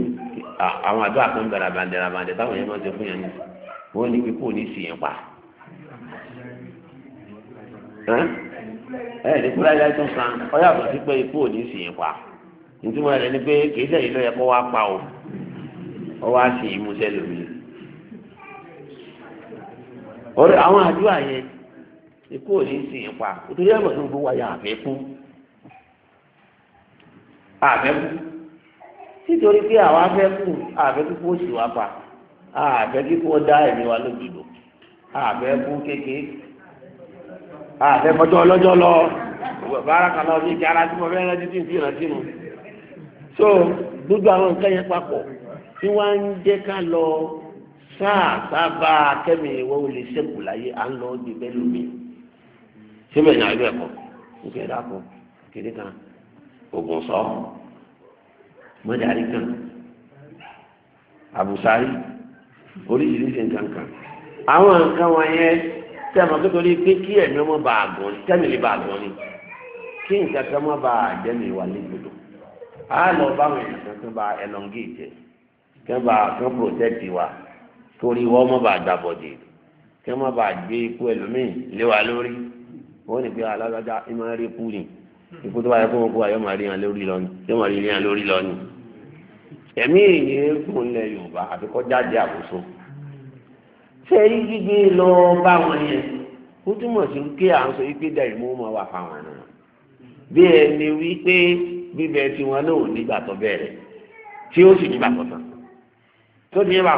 àwọn àdó àkànbẹ̀rẹ̀ àbàndẹ̀rẹ̀ àbàndẹ̀ táwọn yẹn máa ń ṣe fún yẹn nìyẹn ó ní pé ní sí pa ẹ ní kúláyà tó san ọ yàtọ̀ sí pé kò ní sí pa nítorí rẹ ni pé kì í sẹ́yìn ló yẹ kó wá pa o ọ wá sí ìmúṣẹ lómi orí àwọn àdúrà yẹn ikú ní sí pa nítorí ẹ̀mọ̀ tó ń gbówó ayé àfẹ́kú àfẹ́kú nítorí pé àwọn afẹ́kú àfẹ́kú kó sì wá pa àfẹ́ kí kò dá ẹ̀mí wa lójúdò àfẹ́ kú kékeré àfẹ́ mọ́jọ́ ọlọ́jọ́ lọ bàáràkà lọ ní ìjára tí mo fẹ́ rántí tí n fi rántí nu so gbogbo àwọn nǹkan yẹn papọ̀ tí wọ́n ń jẹ́ ká lọ sáà sábà kẹ́mi ìwọ́ ò lè ṣẹ́kù láyé à ń lọ gbé bẹ́ẹ̀ lómi síbẹ̀ ní àyè ẹ̀kọ́ nǹkan ẹ̀dá kan kéde kan ògùn sọ mọ́jà kan àbùsárí oríṣiríṣi nǹkan kan àwọn nǹkan wọ̀nyẹn tẹ́ ẹ̀ mọ̀ pé torí pé kí ẹ̀mí ọmọ bá a gbọ́n ni tẹ́mi lè bá a gbọ́n ni kí nǹkan kan má bá a jẹ́ mi wà légbodò á lọ bá àwọn èèyàn kan kan bá a elongate kan bá a kan protect wa torí wọ́n má bá a dàbọ̀dì kan má bá a gbé ikú ẹlòmíì lé wa lórí wọ́n ní pé alágbádá ìmọ̀ rí kú ni ikú tó bá yẹ kó wọn kú wa yọ máa rí yàn lórí lọ ẹ̀mí èèyàn gùn lẹ yorùbá àti kọjá jẹ àbùsọ ṣe yí gbígbé lọ bá wọn yẹn ó túmọ̀ sí pé à ń sọ yí pé dàrí mú ma wà fáwọn náà bí ẹni wípé bíbẹ tiwọn náà ò nígbà tó bẹ̀rẹ̀ tí ó sì nígbà tó tán tó ní bá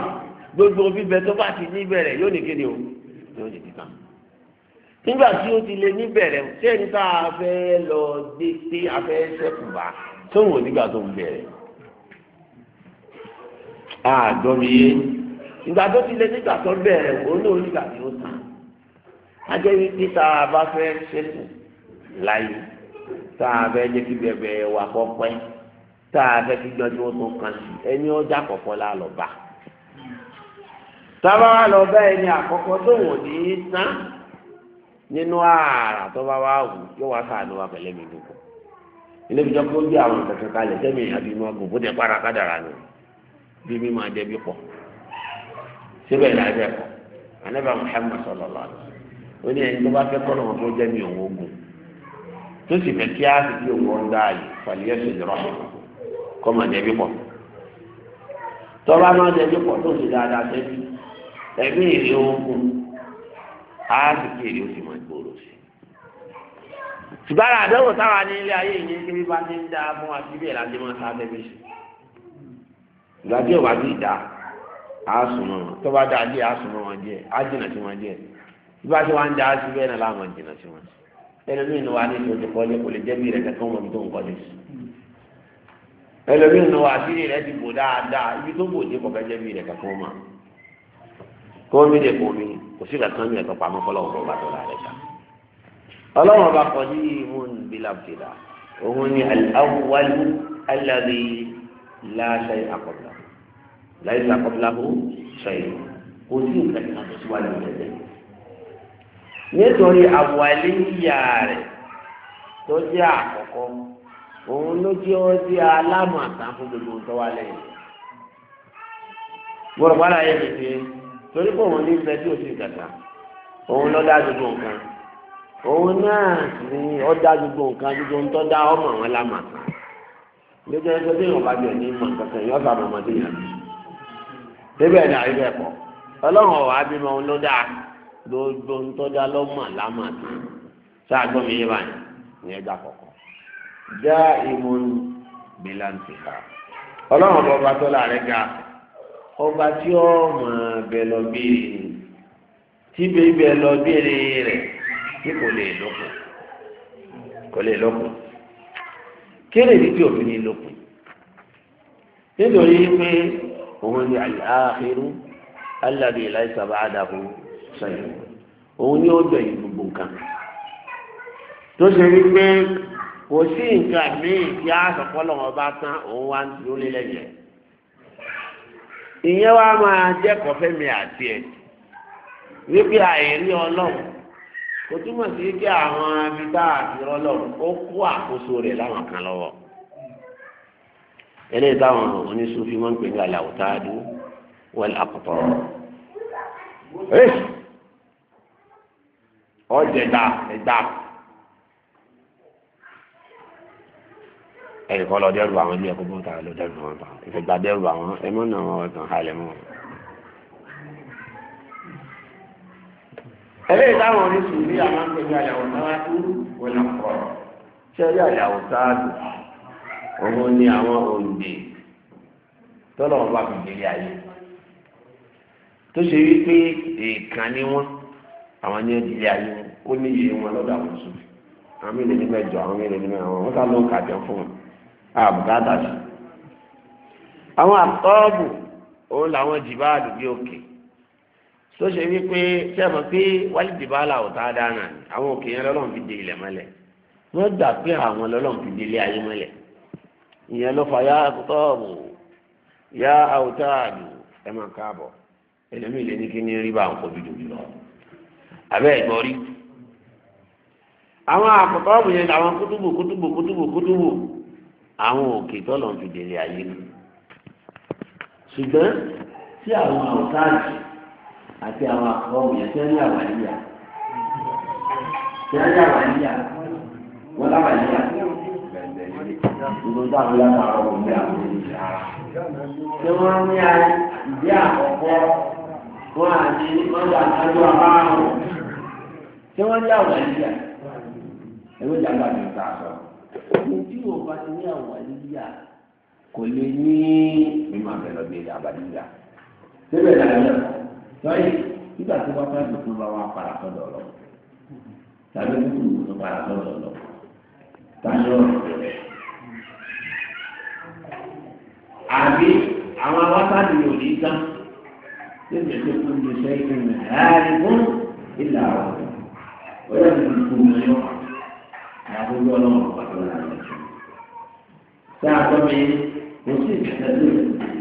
gbogbo bíbẹ tó bá ti níbẹ̀rẹ̀ yóò ní kéde o yóò ní títàn nígbà tí ó ti lè níbẹ̀rẹ̀ ṣé ní tá a fẹ́ lọ dé sí afẹ́ sẹ́kù bá tóun ò nígbà tó ń àjọmíye ìgbà tó ti lé nígbà tó bẹ̀rẹ̀ wò ló nígbà tó tà ajẹ́ wípé tá a bá fẹ́ ṣẹ́kù láyé tá a fẹ́ jẹ́ kí bẹ̀bẹ̀ wà pọ́pẹ́ tá a fẹ́ kí gbọ́dọ̀ tó kàn sí ẹni ọjà kọ̀ọ̀kan la lọ bá tábà wà lọ bá ẹni àkọ́kọ́ tó wò ní tán nínú ààrà tó bá wà wù yóò wá sàánú wa pẹ̀lẹ́ mi dùn kọ́ ilé ìjọba ó gbé àwọn ìtẹ̀kẹ́ kalẹ̀ sẹ́mi àbí inú ọgùn fún ẹ̀ pàrọ̀ kádàrà nù bí mi máa jẹbi pọ̀ síbẹ̀ ní ajẹ́ pọ̀ anábà Muhammad sallallahu alaihi wasallam ó ní ẹni tó bá fẹ́ kọ́ lọ́wọ́ tó jẹ́ mi òun ogun tó sì fẹ́ kí á sì fi òun ọ̀dà yìí fàlíyẹ́ sì lọ́rọ̀ kọ́ máa jẹbi pọ̀ tọ́ba máa jẹbi pọ̀ tó sì dáadáa sẹ́bi ẹ̀mí ìrè ogun á sì kí èrè òsì máa gbòòrò sí ṣùgbọ́n àdéhùn táwa ní ilé ayé yìí kí bí bá ti ń dáa fún wa síbẹ̀ láti máa sá bí sí ìgbà tí ò bá ti dà á sùn mọ́ wọn tó bá dà díẹ̀ á sùn mọ́ wọn díẹ̀ á jìnà sí wọn díẹ̀ bí wàá ti wá ń dà á sí bẹ́ẹ̀ náà láwọn jìnà sí wọn ẹlòmíín wa ní ìṣòro ti kọ́lé kò lè jẹ́ bí rẹ̀ kẹ́kọ́ wọn tó ń kọ́lé sí ẹlòmíín wa sí rẹ̀ ti bò dáadáa ibi tó bò dé kọ̀ọ̀kan jẹ́ bí rẹ̀ kẹ́kọ́ wọn kọ́mí lè bomi kò sí kankan mi ẹ̀tọ́ pamọ́ fọlọ́wọ́ bọ́ bàtọ́ la ta ọlọ́wọ́ bá kọ́ ní ìmúnbílàbìlà láṣẹ àkọ́bílà láyé àkọ́bílà ó ṣẹyìn kò sí nǹkan kan tó síwájú tẹ̀lé nítorí àwàlíyà rẹ̀ tó jẹ́ àkọ́kọ́ òun ló jẹ́ ọ́ jẹ́ alámọ̀tán fún gbogbo tó wà lẹ́yìn gbọ́dọ̀ wà láyé mi fi torí pé òun ní bẹ́ẹ̀ tí ò sí gàdá òun ló dá gbogbo nǹkan òun náà ní ó dá gbogbo nǹkan gbogbo ń tọ́ dá ọmọ àwọn alámọ̀tán lójó ẹgbẹ́ tí yóò bá jẹ ní ìmọ̀ nǹkan kan yóò sábà máa dé yàn. débẹ̀ ni àyè bẹ́ẹ̀ kọ́ ọlọ́run ọ̀wá bímọ òun ló dáa gbogbo ń tọ́já lọ́mọ lámà tó ṣáàgbọ́ mi yé báyìí ní ẹgbà kọ̀ọ̀kan. já ìmọ̀n bíláǹtì ká ọlọ́run ọba tó láàrẹ̀ ga ọba tí ó mọ̀ bẹ̀ lọ bíi tí bẹ́ẹ̀ bẹ̀ lọ bíi rẹ̀ tí kò lè lókun kò lè lókun kéde ní tí òfin ní lópin nítorí pé òun ni àlàáhìrú aládé láìsàbà àdàbò sẹ́yìn òun ni ó gbẹ̀yìn gbogbo nǹkan tó ṣe rí pé kò sí nǹkan míì tí a sọpọlọ wọn bá tán òun wá ń dúró lélẹyìn ìyẹn wá máa jẹ kọfẹ mi àti ẹ wípé àìrí Ọlọ́run ó túmọ̀ sí kí àwọn abidá àfirọ́lọ̀ ó kú àkóso rẹ̀ láwọn kan lọ́wọ́ eléyìí táwọn oníṣòfin wọn ń pè ní aláwòtáàdú wọlé àkọ́tọ̀ ọ̀jẹ̀dá ẹ̀dá ẹ̀kọ́ lọ dẹ́rù àwọn ilé ẹ̀kọ́ bọ́ta lọ dẹ́rù àwọn ìfẹ̀gbà dẹ́rù àwọn ẹ̀mọ́nà àwọn ọ̀tàn halẹ̀ mọ́ eléyìí táwọn oníṣòwò ní àwọn akẹ́kọ̀ọ́ àyàwó náà tó wọlé ọ̀pọ̀ ṣẹ́rí àyàwó sáàdù òun ni àwọn òǹdè tọ́lọ̀ wọn bá fi gbélé ayé tó ṣe wípé èèkàn ni wọn àwọn ní ìdílé ayé ó ní iye wọn lọ́dọ̀ àwọn sùn àwọn mélòó ní mẹ́jọ àwọn mélòó ní mẹ́jọ àwọn ká ló ń kàjọ fún wọn àbùkátà sí. àwọn àtọ́ọ̀bù òun làwọn jìbáàdù bí òkè. Okay tó ṣe wípé sẹ́mọ̀ pé wálé dìbàlà ọ̀tá dáná ni àwọn òkè yẹn lọ́lọ́run fi de ilẹ̀ mọ́lẹ̀ wọ́n gbà pé àwọn lọ́lọ́run fi de ilé ayé mọ́lẹ̀ ìyẹn ló fa yá tọ́ọ̀bù yá àwòtáàdù ẹ máa káàbọ̀ ẹlẹ́mìí lé ní kí ní rí bá àwọn kojú jòjú lọ abẹ́ ẹ̀gbọ́n rí àwọn àkọ́tọ́ọ̀bù yẹn àwọn kútùbù kútùbù kútùbù kútùbù àwọn òkè tọ́lọ́run fi de ilé ayé ṣùgbọ́n tí àwọn àwòtáàdù àti àwọn àkọọ́mù yẹn tí àwàlíyà tí àwàlíyà wọ́n láwàlíyà gbogbo táwọn lápá ọkọ̀ ní àwọn ènìyàn ara tí wọ́n ní ìdí àkọ́kọ́ wọ́n àti ọjà àjọ àbáwọn tí wọ́n ní àwàlíyà ẹgbẹ́ ìjàmbá mi ta sọ ní tí bá ti ní àwàlíyà kò lè ní mímọ̀ àbẹ̀lọ́gbẹ̀ àbàdíyà síbẹ̀ dáadáa sọ́yì nígbà tó bá fẹ́ẹ́ tuntun bá wà para sọ́dọ̀ lọ tàbí tuntun tuntun para sọ́dọ̀ lọ tàbí ọ̀rọ̀ rẹ̀ àbí àwọn awátádì yóò ní gán tẹ̀lé tó kún ní sẹ́yìn ní ààrẹ fún ìlà ọ̀rọ̀ ó yẹ kó kú ní yọ àyàfó yọ lọ́wọ́ pàtó làwọn ẹ̀ṣọ́. sáà mi kò sí ìgbésẹ̀ tó yẹ kó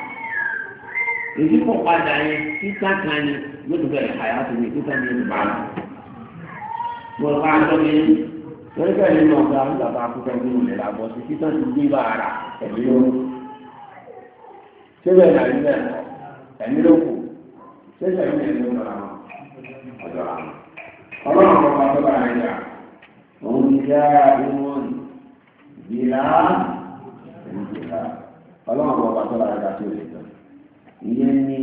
èyí kò padà yẹn títà kan yẹn ló ti bẹ̀rẹ̀ àyàtò mi títà mi ti bàálù. mo bá a lọ yẹn lórí bẹ́ẹ̀ nínú ọ̀gá nígbà bá a kú fẹ́ nínú ìlera bọ́ sí títà ti gbé bá ara ẹ̀mí ló ṣé bẹ́ẹ̀ nàbí bẹ́ẹ̀ ẹ̀mí ló kù ṣé sẹ́yìn mi ẹ̀mí ló lọ́ra ọ̀dọ̀ àwọn. ọlọ́run kan máa tó bá a yà òun ti dá ìyẹn ni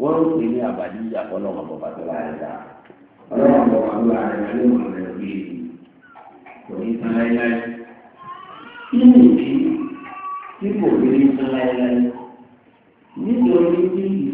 wọ́n ń pè ní àbàdí ìjà fọlọ́mọ bọ̀ bàtọ́ láàrin dá ọlọ́wọ́n bọ̀ wà lóra rẹ̀ wà lóun rẹ̀ lórí kò ní tán láéláé kí ni ìdí tí kò ní tán láéláé nítorí tí ì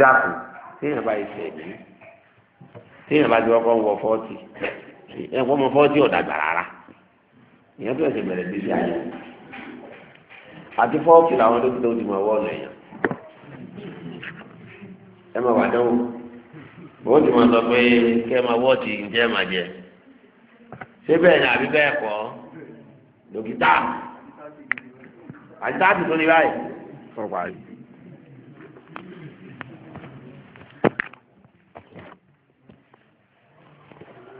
dákun téèyàn bá ìfẹ́ mi téèyàn bá ti ọkọ̀ wọ fọ́ọ̀tì ẹ̀kọ́ ọmọ fọ́ọ̀tì ọ̀dàgbà rárá èèyàn tó bẹ̀rẹ̀ bíbí ayé àti fọ́ọ̀tì làwọn dókítà ó ti mọ ọwọ́ ọ̀nà èèyàn ẹ wà dánwò ó ti mọ sọ pé ẹ máa wọ́ọ̀tì máa jẹ ṣé bẹ́ẹ̀ ni àbí bẹ́ẹ̀ kọ́ dókítà àti táàtì tó ní báyìí.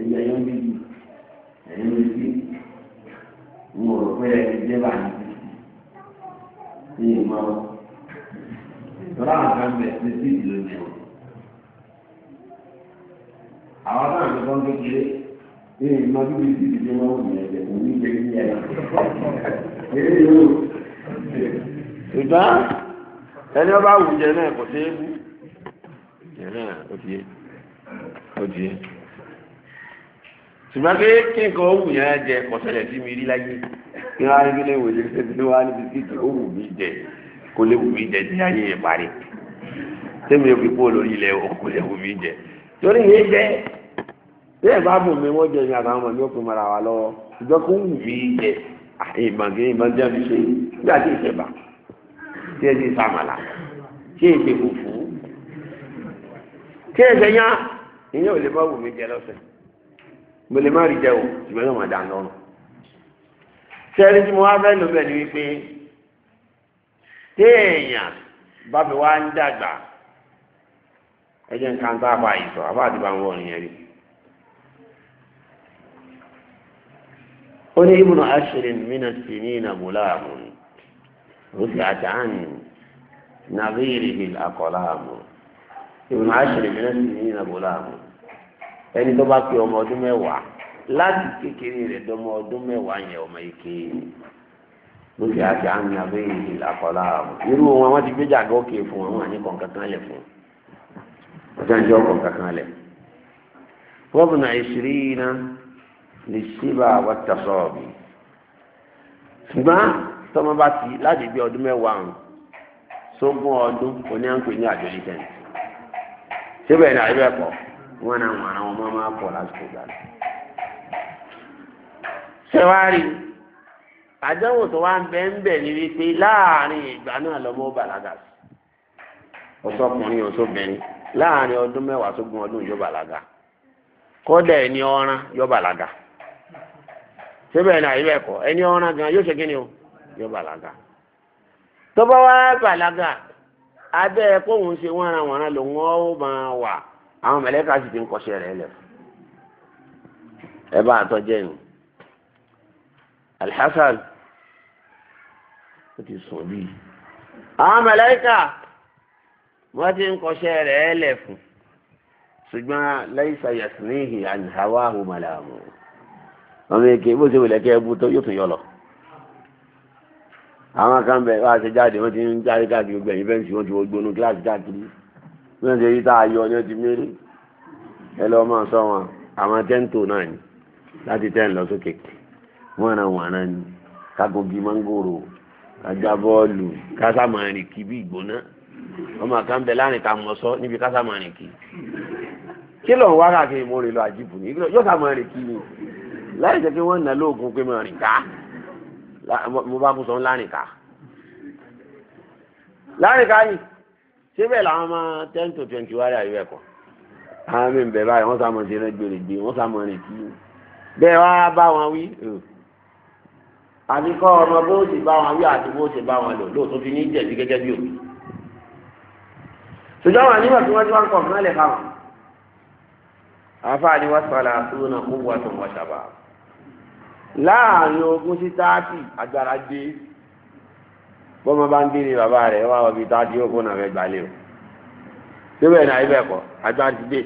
ẹ̀yìn ẹ̀yọ́ méjì ẹ̀yọ́ méjì ń wọ̀ pé ẹ̀jẹ̀ bá ní ti ní ìmọ̀ lọ́la nǹkan bẹ̀ ní sí ìdílé ní o. àwọn náà ti kọ́ kékeré ní ìmọ̀ bí sí ìdílé wọn wù yẹn jẹ kò ní jẹ ní ẹ̀ ẹ̀yẹ́ yóò. ṣùgbọ́n ẹni ọba àwùjẹ náà kò sí ewu. yẹn náà ó ti yé ó ti yé ṣùgbọ́n pé kí nǹkan owó yẹn jẹ kọ̀sẹ̀lẹ̀ sí mi rí láyé kí wọ́n á rí kílé ìwòye ṣe tí wọ́n á ní bisikíìtì ó wù mí jẹ kó lè wù mí jẹ ní ayé ìparí tẹ́mi ò fi kú olórí ilẹ̀ òkú lè wù mí jẹ torí yẹn jẹ bí bá bù mí wọ́n jẹ ní àtàwọn ọmọ mi ó fi mara wa lọ́wọ́ ṣùgbọ́n kó wù mí jẹ ìmọ̀gé ìmọ̀jẹ́ mi ṣe nígbà tí ìṣẹ̀bà tí ẹ ti sàmàlà tí èdè fùfú tí ẹ̀ṣẹ̀ yá ìyẹn ò lè má wù mí jẹ lọ́sẹ̀ẹ́ mo lè má rí jẹ́ o yóò máa dà lọ́rùn. sẹ́rí tí mo wá fẹ́ lò bẹ́ẹ̀ ni wípé téèyàn bá mi wá ń dàgbà ẹ nǹkan tá a bá yìí sọ àbá àti bá ń wọ̀ nìyẹn rí. ó ní ẹni tó bá pe ọmọ ọdún mẹ́wàá láti kékeré rẹ̀ dọ́mọ ọdún yẹn ọmọ ike lóṣù àti àmì abẹ́yẹ ìlàkọ́lá irú wọn ti gbé jàgọ́ fún wọn àní kọ̀ǹkan kan lẹ̀ fún ọjọ́ ìjọ kọ̀ǹkan kan lẹ̀ wọ́n náà ìṣirí iná lè ṣíbà wàtàṣọ́ọ̀bì ṣùgbọ́n tọ́mọ bá ti láti bí ọdún mẹ́wàá sógún ọdún ní àyẹ̀bẹ̀ pọ̀ wọ́n náà wọ́n ọmọ pọ̀ lásìkò gbà. ṣẹwárì tó wá ń bẹ ń bẹ ní wípé láàárín ìgbà náà lọ́mọ bàlágà ọ̀sọ́kùnrin ọ̀sọ́bìnrin ọdún mẹ́wàá ọdún yóò bàlágà yóò bàlágà yóò o yóò bàlágà tó bá wá bàlágà abẹ́ se àwọn mẹlẹ́ka sì ti ń kọ́ṣẹ́ rẹ̀ lẹ̀ ẹ bá àtọ́jẹ́ ni alhassan ó ti sùn bí àwọn mẹlẹ́ka wọ́n ti ń kọ́ṣẹ́ rẹ̀ lẹ̀ fún ṣùgbọ́n láìsà yasinihi àníháwá ahùmàlàmù ọmọ èké bó ṣe wòlẹ́kẹ́ ẹbú tó yóò tún yọ lọ àwọn kan bẹ̀ wá ṣe jáde wọ́n ti ń jáde káàkiri gbẹ̀yìn fẹ́ǹsì wọ́n ti wọ́n gbónú kíláàsì káàkiri náà jẹ́ yíta ayọ̀ ní ọdí mẹ́rin ẹ lọ máa sọ wọn àwọn tẹ́ǹtò náà ni láti tẹ́ ń lọ sókè wọ́n náà wọ́n ni kágógi mángòrò kájá bọ́ọ̀lù kásámárìn kì bí ìgbóná ọmọ kan bẹ láàrin ká mọ sọ níbi kásámárìn kì kí ló wá káàkiri mo rè lọ àjìbù ní yóò sámárìn ni láì jẹ́ kí wọ́n nà lóògùn pé mo ká mo bá kú sọ láàrin ká láàrin ká yìí síbẹ̀ làwọn ọmọ ten to twenty wá rí àyẹ̀wẹ̀ kọ́ àwọn mi ń bẹ̀ báyìí wọ́n sàmọ̀ sí rẹ̀ gbèrègbè wọ́n sàmọ̀ rìn kí bẹ́ẹ̀ wá bá wọn wí àti kọ́ ọmọ bó ṣe bá wọn wí àti bó ṣe bá wọn lò lóòótọ́ fi ní jẹ̀bi gẹ́gẹ́ bí òbí ṣùgbọ́n wọn nígbà tí wọ́n ti wá ń kọ̀ kán lè fa wọn àfáàní wá sọ̀rọ̀ àtúrò náà kó wọ́n tó wọ́n ṣàbà láàrin ogún sí táàtì agbára dé bọ́mọ bá ń dínì bàbá rẹ̀ wá ọbí tá a ti yóò kó náà fẹ́ gbalẹ̀ o síbẹ̀ náà ibẹ̀ kọ́ agbá ti dé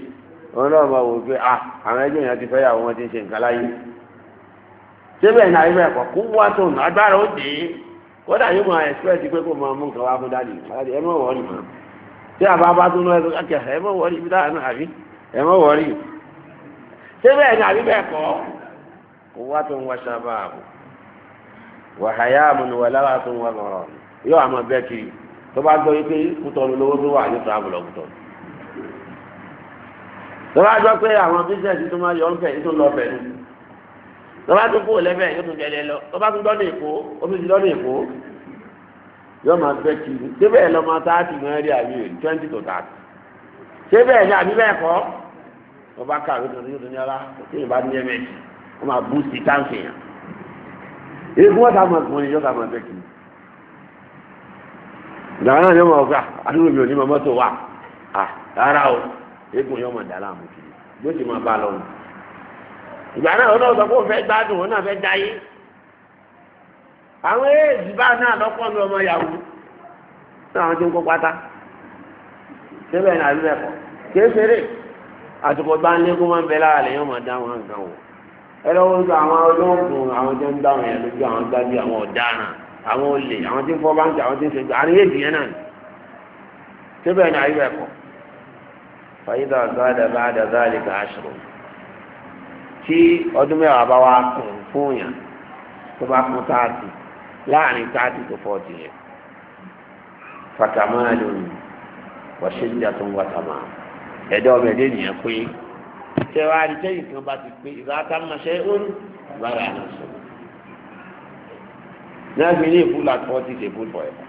wọn náà máa wò pé ah àwọn ẹgbẹ́ yẹn ti fẹ́ yàwó wọn ti ń ṣe nǹkan láyé síbẹ̀ náà ibẹ̀ kọ́ kó wá tó nù agbára ó dé kódà yóò máa ẹ̀sìpẹ́ẹ̀tì pé kó máa mú nǹkan wá fún dáàdì ẹ mọ̀ wọ́ọ̀rì mọ́ tí àbá bá tó náà ẹ mọ̀ wọ́ọ̀rì ibùdó àná àbí ẹ mọ̀ wọ́ọ̀rì yóò àmọ́ bẹ́ẹ̀ kiri tó bá gbọ́ yí pé kútọ́nu lówó tó wà yóò tó àbùlọ̀ kútọ́nu tọ́lá jọ pé àwọn bísíǹsì tó máa yọ ń fẹ̀ tó lọ bẹ̀ nù tọ́lá tó kú lẹ́bẹ̀ yóò tún jẹlẹ lọ tọ́lá tó dọ́nà èkó omi ti dọ́nà èkó yóò máa bẹ́ kiri débẹ̀ lọ máa táàtì náà rí àbí rẹ̀ twenty to thirty débẹ̀ ní àbí bẹ́ẹ̀ kọ́ wọ́n bá kàwé tó ní ìdúnyà rà tí ìbá ní ẹ̀mẹ́ wọ́n máa bú sí káńfì yóò kà máa ìgbàgbọ́n náà ma wọ́n máa gbà ah, àdúgbò mi ò ní máa mọ́tò wà ah, rárá o eégún yóò máa dà láàmú kiri yóò máa bá a lọ ìgbà náà ọ̀nà fẹ́ gbádùn òun náà fẹ́ dáyé. àwọn èèyàn bá náà lọ́pọ̀ ní ọmọ yahoo náà wọ́n ti ń kó pátá. síbẹ̀ náà ló lẹ́kọ̀ọ́ àtùkọ̀ bá ń lékún máa ń bẹ lára lè dá wọn àwọn olè àwọn tí ń fọ́ báńkì àwọn tí ń ṣèjọ àríyé ìdíyẹn náà ni síbẹ̀ ní ayé ẹ̀kọ́ fàyídà ọ̀gáàdà bá dàgbà àlìkà àṣùrù tí ọdún mẹ́wàá bá wá kùn fún yàn tó bá kún táàtì láàrin táàtì tó fọ́ọ̀tì yẹn fàtàmáà lónìí wàṣíjà tó ń wàtàmá ẹ̀dá ọmọ ẹ̀dá ènìyàn pé tẹ́wàá àdìsẹ́yìn kan bá ti pé ìbáta máa ṣe ń bára àná sọ náà fi ní ìfúlà tó ti ṣe fún ìfọ̀ ẹ̀fọ́.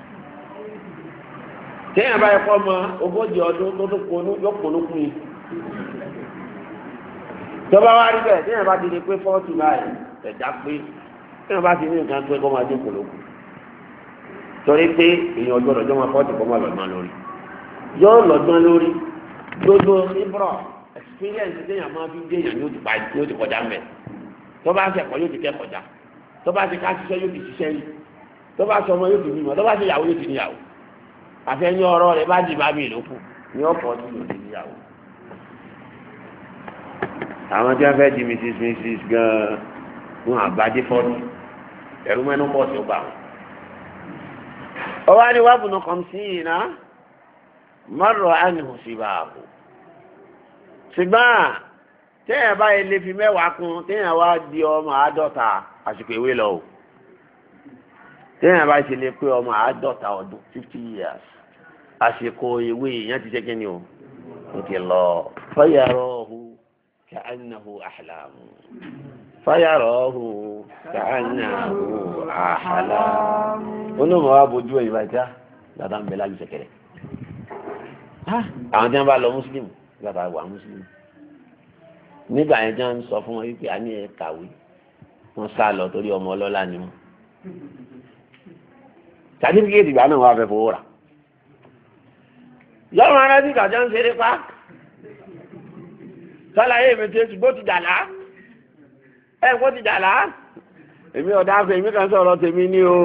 téèyàn bá ẹ̀fọ́ mọ ogójì ọdún tó tó ponú yóò ponú kú yìí. tọ́ba wá rí bẹ́ẹ̀ téèyàn bá ti di pé fọ́ọ̀tù láì ẹ̀dá pé téèyàn bá ti ní nǹkan pé kó máa dín kòló kù. torí pé èèyàn ọjọ́ lọ́jọ́ máa fọ́ọ̀tù kó máa lọ́gbọ́n lórí. yóò lọ́gbọ́n lórí gbogbo ibro experience téèyàn máa fi déèyàn yóò ti kọjá mẹ́ tọ́ba ṣẹ̀kọ́ yóò ti kẹ́ kọjá tó bá ti ká ṣiṣẹ́ yóò ti ṣiṣẹ́ yìí tó bá sọmọ yóò ti bímọ tó bá ti yàwó yóò ti níyàwó àfẹ́yìn ọ̀rọ̀ rẹ̀ bá dì bá mi lókù ní ọ̀pọ̀ tí yóò ti níyàwó. àwọn tí wọ́n fẹ́ di mrs mrs gan-an wọn àbájé fọ́ọ̀tì ẹ̀rú mẹ́nu pọ̀ sí ọgbà wọn. ọwọ́ ni wàá bùnú kàn sí yìí ná mọ́rọ̀ ánìhùn sí bá a bò. ṣùgbọ́n téèyàn bá yẹ lè fi mẹ́wàá kún téèyàn wá di ọmọ àádọ́ta àsìkò ìwé lọ o téèyàn bá ṣe lè pé ọmọ àádọ́ta ọdún fifty years àsìkò ìwé yẹn ti ṣe kí ni o ó ti lọ fayarọ́hu ka'annahu ahlamu fayarọ́hu ka'annahu ahlamu olóòmọ̀ wa bójú ẹ̀ ìbàjá dada ń bẹ lájú sẹ̀kẹ̀rẹ̀ àwọn tí wọ́n bá lọ mùsùlùmù gbàtà wà mùsùlùmù nígbà yẹn tí wọ́n sọ fún wọn wípé a ní ẹ̀ kàwé wọ́n sá lọ torí ọmọ ọlọ́lá ni wọ́n sàtífíkẹ́tì ìgbà náà wà fẹ́ fowó rà yọ́rùn ara sí kàjọ ń ṣeré pa sálàyé mi tí èsì bó ti dàlá ẹ bó ti dàlá èmi ọ̀dà afẹ́ èmi kan sọ̀rọ̀ tèmi ní o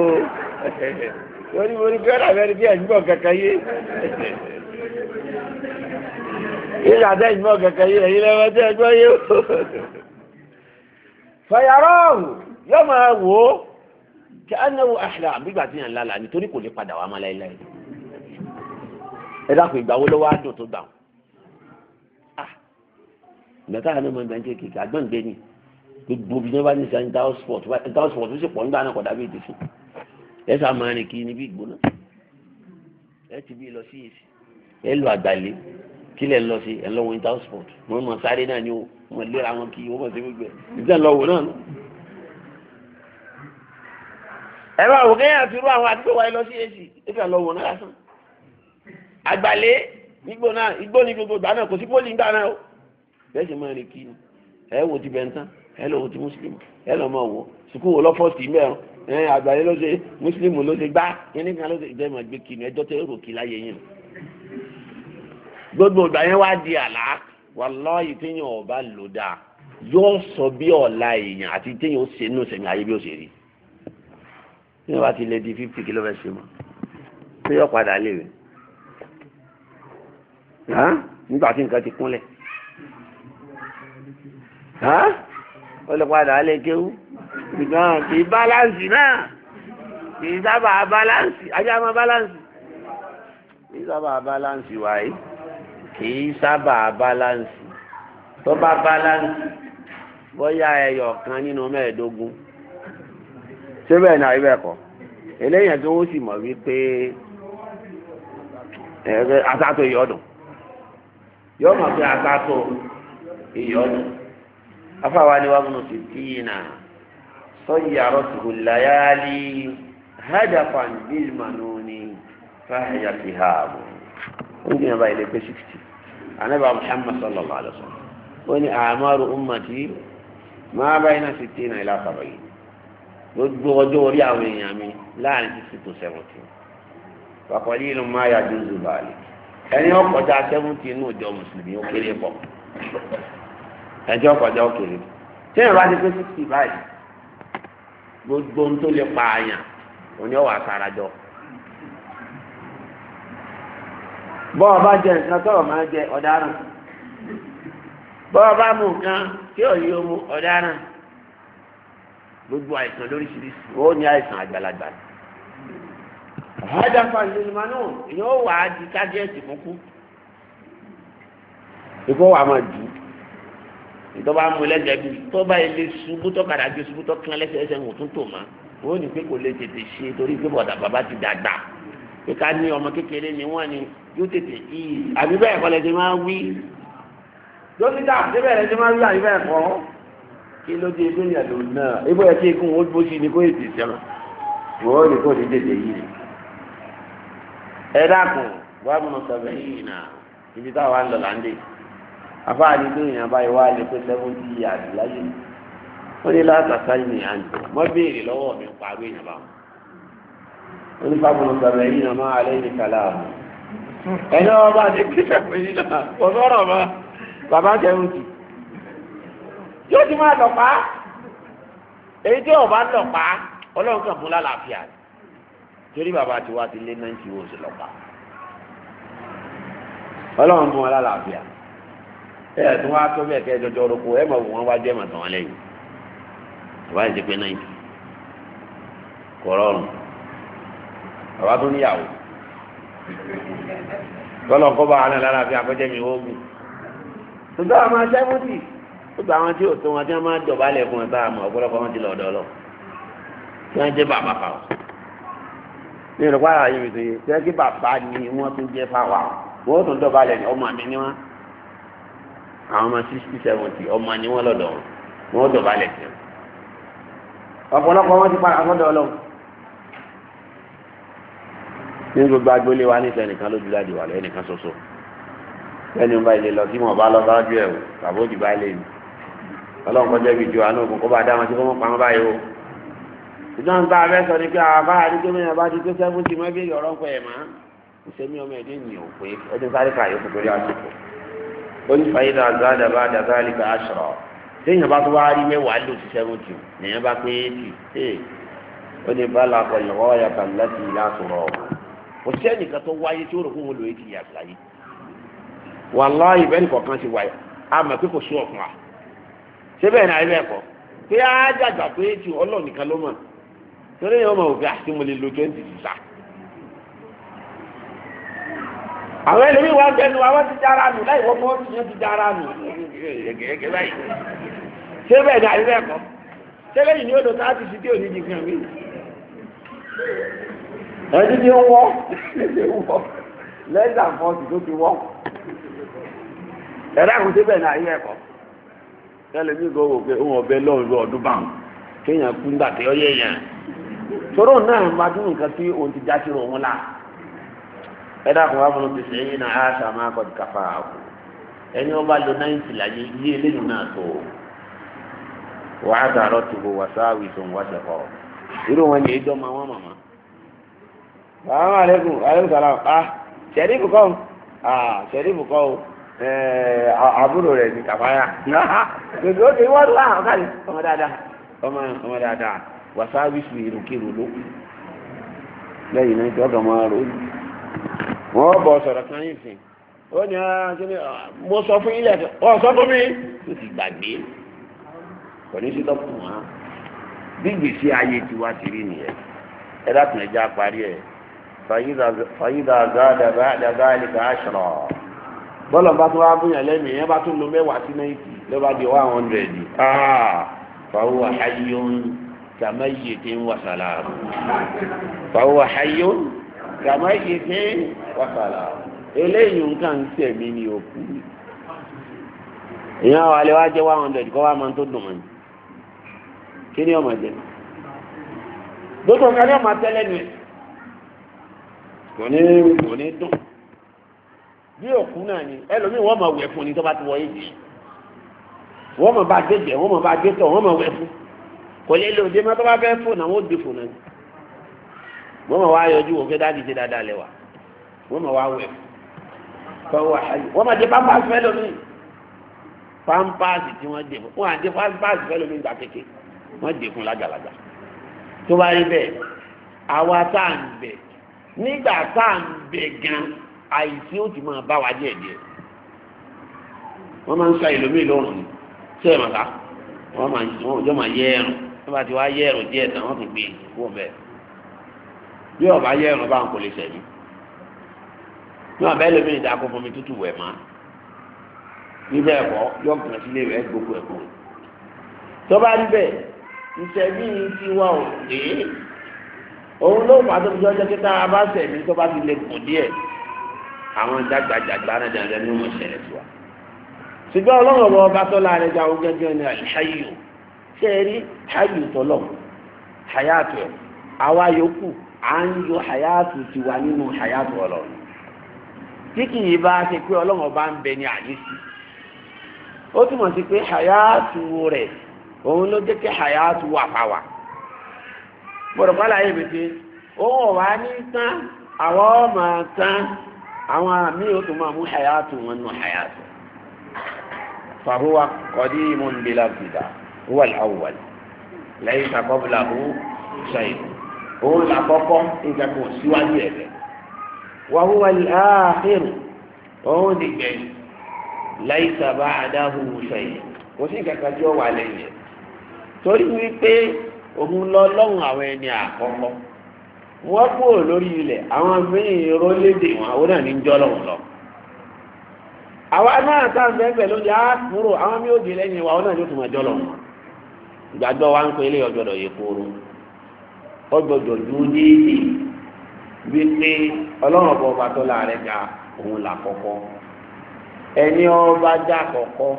lórí orí kí ọ̀dà fẹ́ẹ́ rí bí ẹ̀gbọ́n kankan yé ìgbà tẹ́ ẹ̀gbọ́n kankan yé ẹ̀yin lẹ́wọ́n tẹ́ ẹ̀gbọ́n yé o fàyàráàhù yóò máa wò ó kí á náwó àṣìlá àbígbà tí yàn lálàá nítorí kò lè padà wá mọ́ láéláé ẹ dákun ìgbà wo ló wá dùn tó gbà wọn. Ah, ìgbà táwọn ọmọ ìgbà ń jẹ kékeré àgbọ̀ǹgbẹ ni gbogbo bí wọ́n bá ní sàn ìdáwọ́ sport ìdáwọ́ sport ó sì pọ̀ nígbà náà kọ̀ dábìí ìdìsí ẹ sá máa rìn kiri níbi ìgbóná ẹ ti bí lọ sí èsì ẹ lọ àgbàlẹ́ kílẹ̀ lọ sí ẹ̀ lọ́wọ́ inter sport wọ́n mọ̀ sáré náà ni wọ́n léra wọn kí wọ́n mọ̀ sí gbogbo ẹ̀ ìdílé lọ́wọ́ náà nù. ẹ bá wò kéèyàn fi rú àwọn àdúgbò wáyé lọ sí èsì ìdílé lọ́wọ́ náà lásán. àgbàlẹ́ igbó náà igbó ni gbogbo ìgbà náà kò sí pólì ńgbà náà o bẹ́ẹ̀ sì máa rìn kí ni ẹ wò ti bẹ̀ntán ẹ lọ wò ti mùsùlùmí ẹ lọ máa wò sùkúù wò lọ́fọ̀ọ́sì mẹ́rin ló ṣe gbá kíní kan ló ṣe ìjẹ́ ìmọ̀ gbé kinu ẹjọ́ tẹ́ rò kí láyé yín gbogbo ìgbà yẹn wá di àlá wàláhì téèyàn ọba lò dáa yóò sọ bí ọ̀la èèyàn àti téèyàn ó ṣe nù sẹ̀mí ayé bí ó ṣe rí téèyàn bá ti lè di fifty kìló fẹ́ ṣe mọ́ téèyàn padà lè rè nígbà tí nǹkan ti kúnlẹ̀ ó lè padà lè kéwú ṣùgbọ́n kì í báláǹsì náà kì í sábà báláǹsì ajá máa báláǹsì kì í sábà báláǹsì wáyé. kìí sábà báláǹsì tó bá báláǹsì bóyá ẹyọ kan nínú mẹ́ẹ̀ẹ́dógún síbẹ̀ náà ibẹ̀ kọ́ eléyàn tó ń sì mọ̀ wípé asátó ìyọ́dún yóò mọ̀ pé asátó ìyọ́dún afáwa ni wàá múnú sí ni fáyà sí hààbò ó ń ile àìlè sixty. anábà muhammad sallallahu alaihi wasallam ó ní àmàrù ummati máa bá iná sí tí náà ilá sábà yìí gbogbo ọjọ́ orí àwọn èèyàn mi láàrin sixty to seventy pàpàlí inú máa yà dúró zubali ẹni ọkọjá seventy inú ìjọ mùsùlùmí ó kéré pọ̀ ẹjọ́ ọkọjá ó kéré tí ìrọ̀ adé pé sixty báyìí gbogbo ohun tó lè pa àyàn òní ọ̀wà àtàràjọ. bọ́ọ̀ bá jẹ nǹkan tọ́ọ̀ máa jẹ ọ̀daràn bọ́ọ̀ bá mú nǹkan tí ò yí omu ọ̀daràn gbogbo àìsàn lóríṣiríṣi ó ní àìsàn àgbàlagbà àdáfà ìlúmọ náà yóò wà á di tágẹ́ẹ̀tì kúkú ikú wà máa jù ìtọ́ba mú ẹlẹ́jẹ̀ bí tó bá ilé ṣubú tó kàdá gbé ṣubú tó kán lẹ́sẹ̀ ẹsẹ̀ ń wò tún tò má ó ní pé kò lè tètè ṣe torí pé bọ̀dà bàbá ti dàgbà kíkà ní ọmọ kékeré ni wọ́n ni yóò tètè kí i àbí bẹ́ẹ̀ kọ́ lẹ́sẹ̀ máa wí dókítà àti bẹ́ẹ̀ lẹ́sẹ̀ máa wí àbí bẹ́ẹ̀ kọ́ kí ló dé lórí àlò náà ibò ẹ̀ kí ikún ojú sí ni kó ètè sẹ́wọ̀n wọ́n ní kó ní tètè yìí ni ẹ dákun wàá mọ̀ sọ̀rọ̀ yìí nà ibi táwa ń lọ láńdé afáàní tó yìnyín abáyé wá lè pé sẹ́fúntì àdìláyé ó ní látàkà onífàbùnù sọ̀rọ̀ ẹ̀yìn náà máa alẹ́ ní kàláàmù ẹ̀nà ọba àti kíṣẹ̀pẹ̀ yìí náà ọ̀sọ́rọ̀ ma bàbá jẹun jù yóò ti máa lọ̀pá èyí tí ọba lọ̀pá ọlọ́run kàn fún lálàáfíà torí bàbá ti wá ti lé náìtì wò sí lọ̀pá ọlọ́run fún wọn lálàáfíà ẹ ẹ̀ tí wọ́n tó bẹ́ẹ̀ kẹ́ jọjọ orúkọ ẹ̀ mọ̀ wọ́n wá jẹ́ mọ̀ tán lẹ́yìn ìwádìí ti pé náìtì kọ̀rọ̀ọ̀rùn àwa tó níyàwó tọ́lọ̀ kọ́ bá wa náà lára fi àkọ́jẹ́ mi ogun ṣùgbọ́n àwọn sẹ́mùtì gbogbo àwọn tí ò tó wọn tí wọ́n máa dọ̀bálẹ̀ fún ẹ bá àmọ́ ọ̀pọ̀lọpọ̀ wọn ti lọ ọ̀dọ́ lọ tí wọ́n jẹ́ bàbá fa ọ. ní ìrọ̀pá ara yìí tó yẹ tí wọ́n jẹ́ bàbá ni wọ́n tún jẹ́ fáwa wọ́n tún dọ̀bálẹ̀ ní ọmọ mi ni wọ́n àwọn ọmọ sixty seventy ọmọ ni wọ́n lọ́dọ̀ wọn wọ́n dọ̀bálẹ̀ sí ọ̀pọ̀lọpọ̀ wọn ti padà sọ́dọ̀ ọlọ́run ní gbogbo agboolé wa níta ẹnìkan ló dúdú àdìwà lọ ẹnìkan ṣoṣo ẹni ń bá ilé lọ tí mo bá lọ sáájú ẹ o tàbí òdì bá ilé mi ọlọ́run kọjá ibi ju àánú òkun kó bá dá wọn tí pa wọn báyìí o ìjọba ń bá abẹ́ sọ ni pé àbá àdúgbò mi àbá ti tó sẹ́fún ti mọ́ bí ọ̀rọ̀ pẹ̀ ẹ̀ máa ìṣẹ́mi ọmọ ẹ̀dẹ́ ènìyàn ò pé ẹdín sáré kàyé kò torí àsìkò ó ní fàyídà àgbàdà bá dàgbà àlìkà àṣọ téèyàn bá tó wá rí mẹ́wàá lò sí sẹ́fúntì nìyẹn bá pé éèkì ó ní bá làkọ̀ ìwọ́ ọ̀yàtà láti ìlà àtúrọ̀ ọ̀hún kò sẹ́ni kan tó wáyé tí ó rò fún wọn lóye ti yà láyé wàláhì bẹ́ẹ̀ni kọ̀ọ̀kan ti wáyé a mọ̀ pé kò sí ọ̀fun wa ṣé bẹ́ẹ̀ náà ẹ̀rẹ́ ẹ̀kọ́ pé á dàgbà pé ti ọlọ́ọ̀ nìkan ló mọ̀ torí yẹn wọ́n mọ̀ òfin àti ah, mo lè lo twenty sisa. àwọn ẹlòmíì wá bẹnu àwọn ti dára nù láì wọ́n mọ́ ti ti dára nù ṣé bẹ́ẹ̀ ṣé lẹ́yìn ni ó lọ sáà ẹni tí ó wọ́ lẹ́dà fọ́ọ̀tì tó ti wọ́ ẹ̀rẹ́ àwọn débẹ̀ náà ayé ẹ̀kọ́ tẹ́lẹ̀ mí gbọ́ wò pé òun ọ̀bẹ lọ́rùn lọ ọdún báwọn kéèyàn kú tí ó yẹ yẹn náà máa dún la ẹ̀dá wá yìí náà á sàmà ẹni láyé ilé náà tó wàá dàrọ́ tìbò wàsáwì tó ń wáṣẹ̀ kọ́ irú wọn sàlámù Aleikum, alẹ́kùn ah sẹ̀rífù kọ́ ah sẹ̀rífù kọ́ o ah, eh, àbúrò rẹ̀ ní kàfáyà gbèsè ó ti wọ́n lá ọ̀kadì ọmọ dáadáa ọmọ ọmọ dáadáa wàsáwìsì ìrùkìrù ló lẹ́yìn náà tí ọ̀gá máa rò wọ́n bọ̀ sọ̀rọ̀ kan yìí sìn ó ní ah, ah, mo sọ fún ilẹ̀ ọ sọ fún mi ó ti gbàgbé kò ní sí tọ́kùn bí gbèsè ayé tiwa ti rí nìyẹn ẹ dákun ẹ já parí ẹ. fàyídà gáàdà báàdà gáàlìkà àṣàrà bọ́lọ̀ bá tó wá bóyá lẹ́mìí yẹn bá tó lo mẹ́wàá sí náà ìtì ló bá di one hundred fàwọ́ hayyun kàmáyìítín wà sàlámù fàwọ́ hayyun kàmáyìítín wà sàlámù eléyìí nǹkan ń sẹ̀mí ni òkú ìyá wa lè wá jẹ́ one kọ́ wá máa tó dùn mọ́ kí ni ọmọ jẹ gbogbo ọmọ tẹ́lẹ̀ nù kò ní kò ní dùn bí òkú náà ni ẹlòmíì wọ́n máa wẹ̀ fún ni tó bá ti wọ èjì wọ́n máa bá gbẹ̀jẹ̀ wọ́n máa bá gbẹ̀tọ̀ wọ́n máa wẹ̀ fún kò lè lò dé mọ́tò bá fẹ́ fún àwọn òde fún náà wọ́n máa wá yọjú wọ́n fẹ́ dáàbì ṣe dáadáa lẹ́wà wọ́n máa wá wẹ̀ fún kọ́ wà ayé wọ́n máa jẹ pampers fẹ́ lómi pampers tí wọ́n dé fún wọ́n àti pampers fẹ́ lómi nígbà tá à ń bẹ gan àìsí ó ti máa bá wa díẹ̀ díẹ̀ wọ́n máa ń sa ìlòmíì lọ́rùn ni ṣé ẹ̀ màkà wọ́n máa wọ́n jọ máa yẹ ẹ̀rùn wọ́n bá ti wá yẹ ẹ̀rùn díẹ̀ tán wọ́n ti gbé wọ́n e bẹ̀ bí ọba yẹ ẹ̀rùn bá ń kò lè sẹ̀mí ní ọba ẹlòmíì dáa kó fún tútù wẹ̀ máa níbẹ̀ ẹ̀kọ́ yọ ọkùnrin sílé rẹ̀ gbogbo ẹ̀kọ́ tọ́ba níbẹ̀ ìṣẹ́bí ti wá òde òun ló fà tó fi jọ́jọ́ kí tá a bá sẹ̀mí tó bá fi lè kù díẹ̀ àwọn jágbàjàgbà náà dandan ní wọn ṣẹlẹ̀ sí wa. ṣùgbọ́n ọlọ́run ọ̀rọ̀ ọba tó láàrin ìjà àwọn gẹ́gẹ́ ní àyíṣáyò ṣe rí háyò tọ́lọ̀ hayàtò ẹ̀ àwa yòókù à ń yọ hayàtò tiwa nínú hayàtò ọlọ́run. tí kì í bá ṣe pé ọlọ́run ọba ń bẹ ní àyíṣí ó túmọ̀ sí pé hayàtò rẹ̀ òun ló jẹ́ kí hayàtò wà fáwa gbọ́dọ̀ pálá yìí bèèrè owó wà ní tán àwọn ọmọ tán àwọn àmì ó tún máa mú hayatu wọn nù hayatu fàhúwa kọ́dí mú nbílá bìdá wà láwùwà lẹ́yìn sàkọ́bùlà ó sẹ́yìn òun làkọ́kọ́ nǹkan kan síwájú ẹ̀ bẹ́ẹ̀ wà òun dìgbẹ̀yìn lẹ́yìn sàbá àdáhùn sẹ́yìn kò sí nǹkan wà lẹ́yìn torí wípé òun lọ lọ́hùn àwọn ẹni àkọ́kọ́ wọ́n kúrò lórí ilẹ̀ àwọn mí-ín rólédè wọn àwọn náà ní ń lọ àwọn náà tá lóde á kúrò àwọn lẹ́yìn wa àwọn náà yóò tún máa wọn ìgbàgbọ́ wa wípé ọlọ́run ọba tó láàrẹ̀ ga òun là kọ́kọ́ ẹni ọba já kọ́kọ́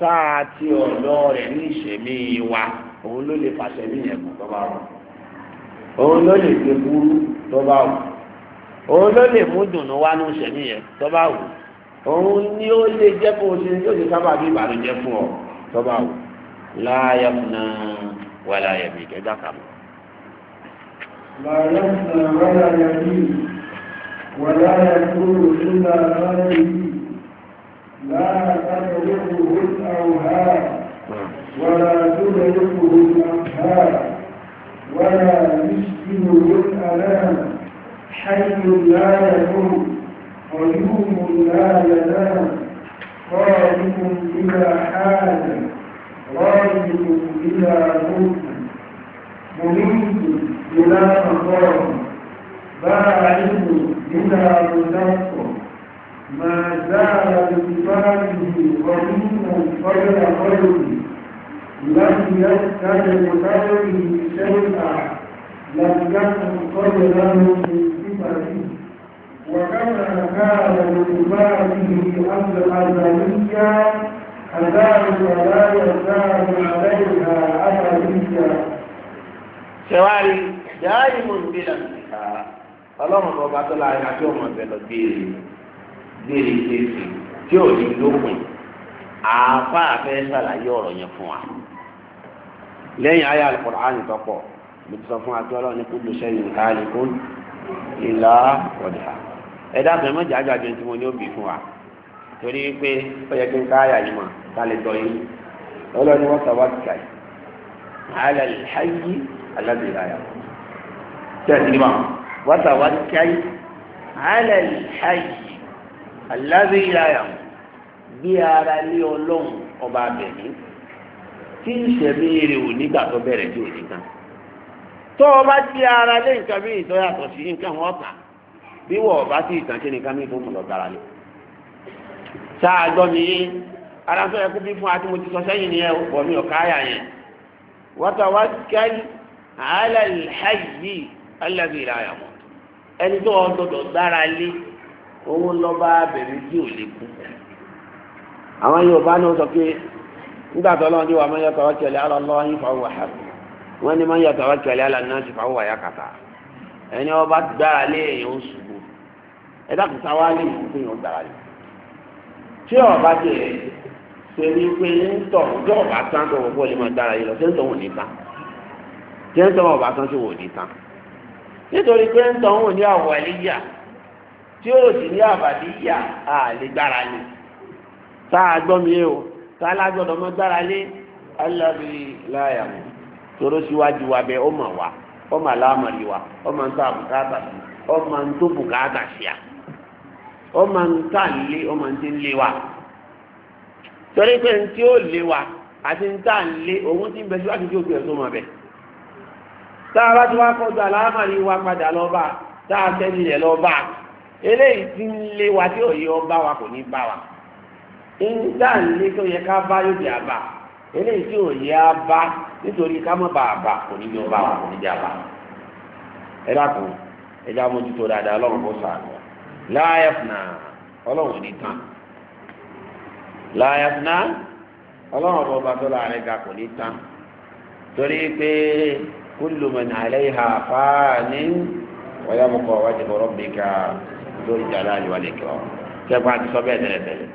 sáà ti ọ̀dọ́ rẹ̀ ní ìṣẹ̀mí òun ló lè pàṣẹ níyẹn kù tó bá wù òun ló lè gbé burú tó bá wù òun ló lè mú dùnú wá ní oṣù níyẹn tó bá wù òun ni ó lè jẹ́ kó o ṣe yóò ṣe sábà bí ìbànújẹ́ fún ọ tó bá wù láàyè fúnà wà láàyè mi kẹjá kà mọ. láàyè fúnà wà láàyè mi wà láàyè kúrò nígbà láàyè mi láàyè kúrò nígbà láàyè mi. ولا تدركه الأنهار ولا يشبهه الألام حي لا يكون قيوم لا ينام خالق بلا حاجة رازق بلا ملك مميت بلا مقام باعث بلا مدق ما زال بصفاته قديما قبل قلبي لم يستجب له من شيئا لم يكن قد له من صفته وكما كان لعباده أمر أزليا كذلك لا يزال عليها أبديا سواري دائم بلا انتهاء ọlọ́run tó bá tó láàrin àti ọmọ ọ̀bẹ lọ béèrè béèrè kéèsì tí ò ní lópin àáfàá fẹ́ ṣàlàyé ọ̀rọ̀ yẹn fún wa lẹ́yìn ayé alukur'an tọ́pọ̀ bí sọ fún àti ọlọ́run ní kúlù sẹ́yìn káàlì kún ìlà ọ̀dà ẹ̀dá kan mọ́jà àjọ àjọ tí mo ní òbí fún wa torí pé ó yẹ kí n káyà yìí mọ̀ ká lè dọ̀ yìí ọlọ́run wọ́n sọ wákì káyì àlẹ́ ìhàyí alábìláyà tẹ̀sí mọ́ wọ́n sọ wákì káyì àlẹ́ ìhàyí alábìláyà bí ara lé ọlọ́run ọba abẹ̀mí. tí ìṣẹ̀mí rẹ̀ ò nígbà tó bẹ̀rẹ̀ tí ò ní tán tó o bá ti ara lé nǹkan bí ìtọ́ sí nǹkan wọn kà bí wọ́n bá ti ìtàn lọ mi yé ara sọ ẹkú bí fún àti mo ti sọ sẹ́yìn ni ẹ pọ̀ yẹn wá kẹ́lí owó lọ́ba bẹ̀rẹ̀ tí ò lè kú àwọn nígbà tó lọ́wọ́ ní wa man yatawakkal ala Allahi fa huwa hasbuh wọ́n ní man yatawakkal ala an-nasi fa huwa yakfah ẹni ọba gbára lé èèyàn ṣubú ẹ dákun sáwá lè fún èèyàn gbára lé tí ọba tẹ ṣe ní pé ń ọjọ́ ọba tán tó wọ́pọ̀ lè máa gbára lé lọ sẹ́ńtọ̀ wò ní tán sẹ́ńtọ̀ ọba tán ṣe wò ní tán nítorí pé ń tọ̀ tálá gbọ́dọ̀ mọ́ gbára lé alábi láyà mọ́ tóró síwájú wa bẹ́ẹ̀ ó mà wá ó mà láàmàlì wa ó mà ń tó àbùkátà sí ó mà ń tó bùkátà sí à ó mà ń tà lé ó mà ń tí ń lé wa torí pé ní ó lé wa àti ní tà òun ti bẹ síwájú tí ó fi ẹ̀sùn mọ̀ bẹ́ẹ̀ tá a bá ti wá kọjú àlámàlì wa padà lọ́ba tá a tẹ́lẹ̀ lọ́ba eléyìí ti lé wa tí òye ọba wa kò ní bá wa. nígbà nílé tó yẹ ká bá yóò di àbá eléyìí tí ò yẹ á bá nítorí ká ba àbá kò ní bá wà kò ní di àbá. ẹ dákun ẹ já mójútó dáadáa ọlọ́run kò sàánù láyàfúnà ọlọ́run ní tán láyàfúnà ọlọ́run bá tó láàrin ga kò ní tán torí pé kullu fáàní lórí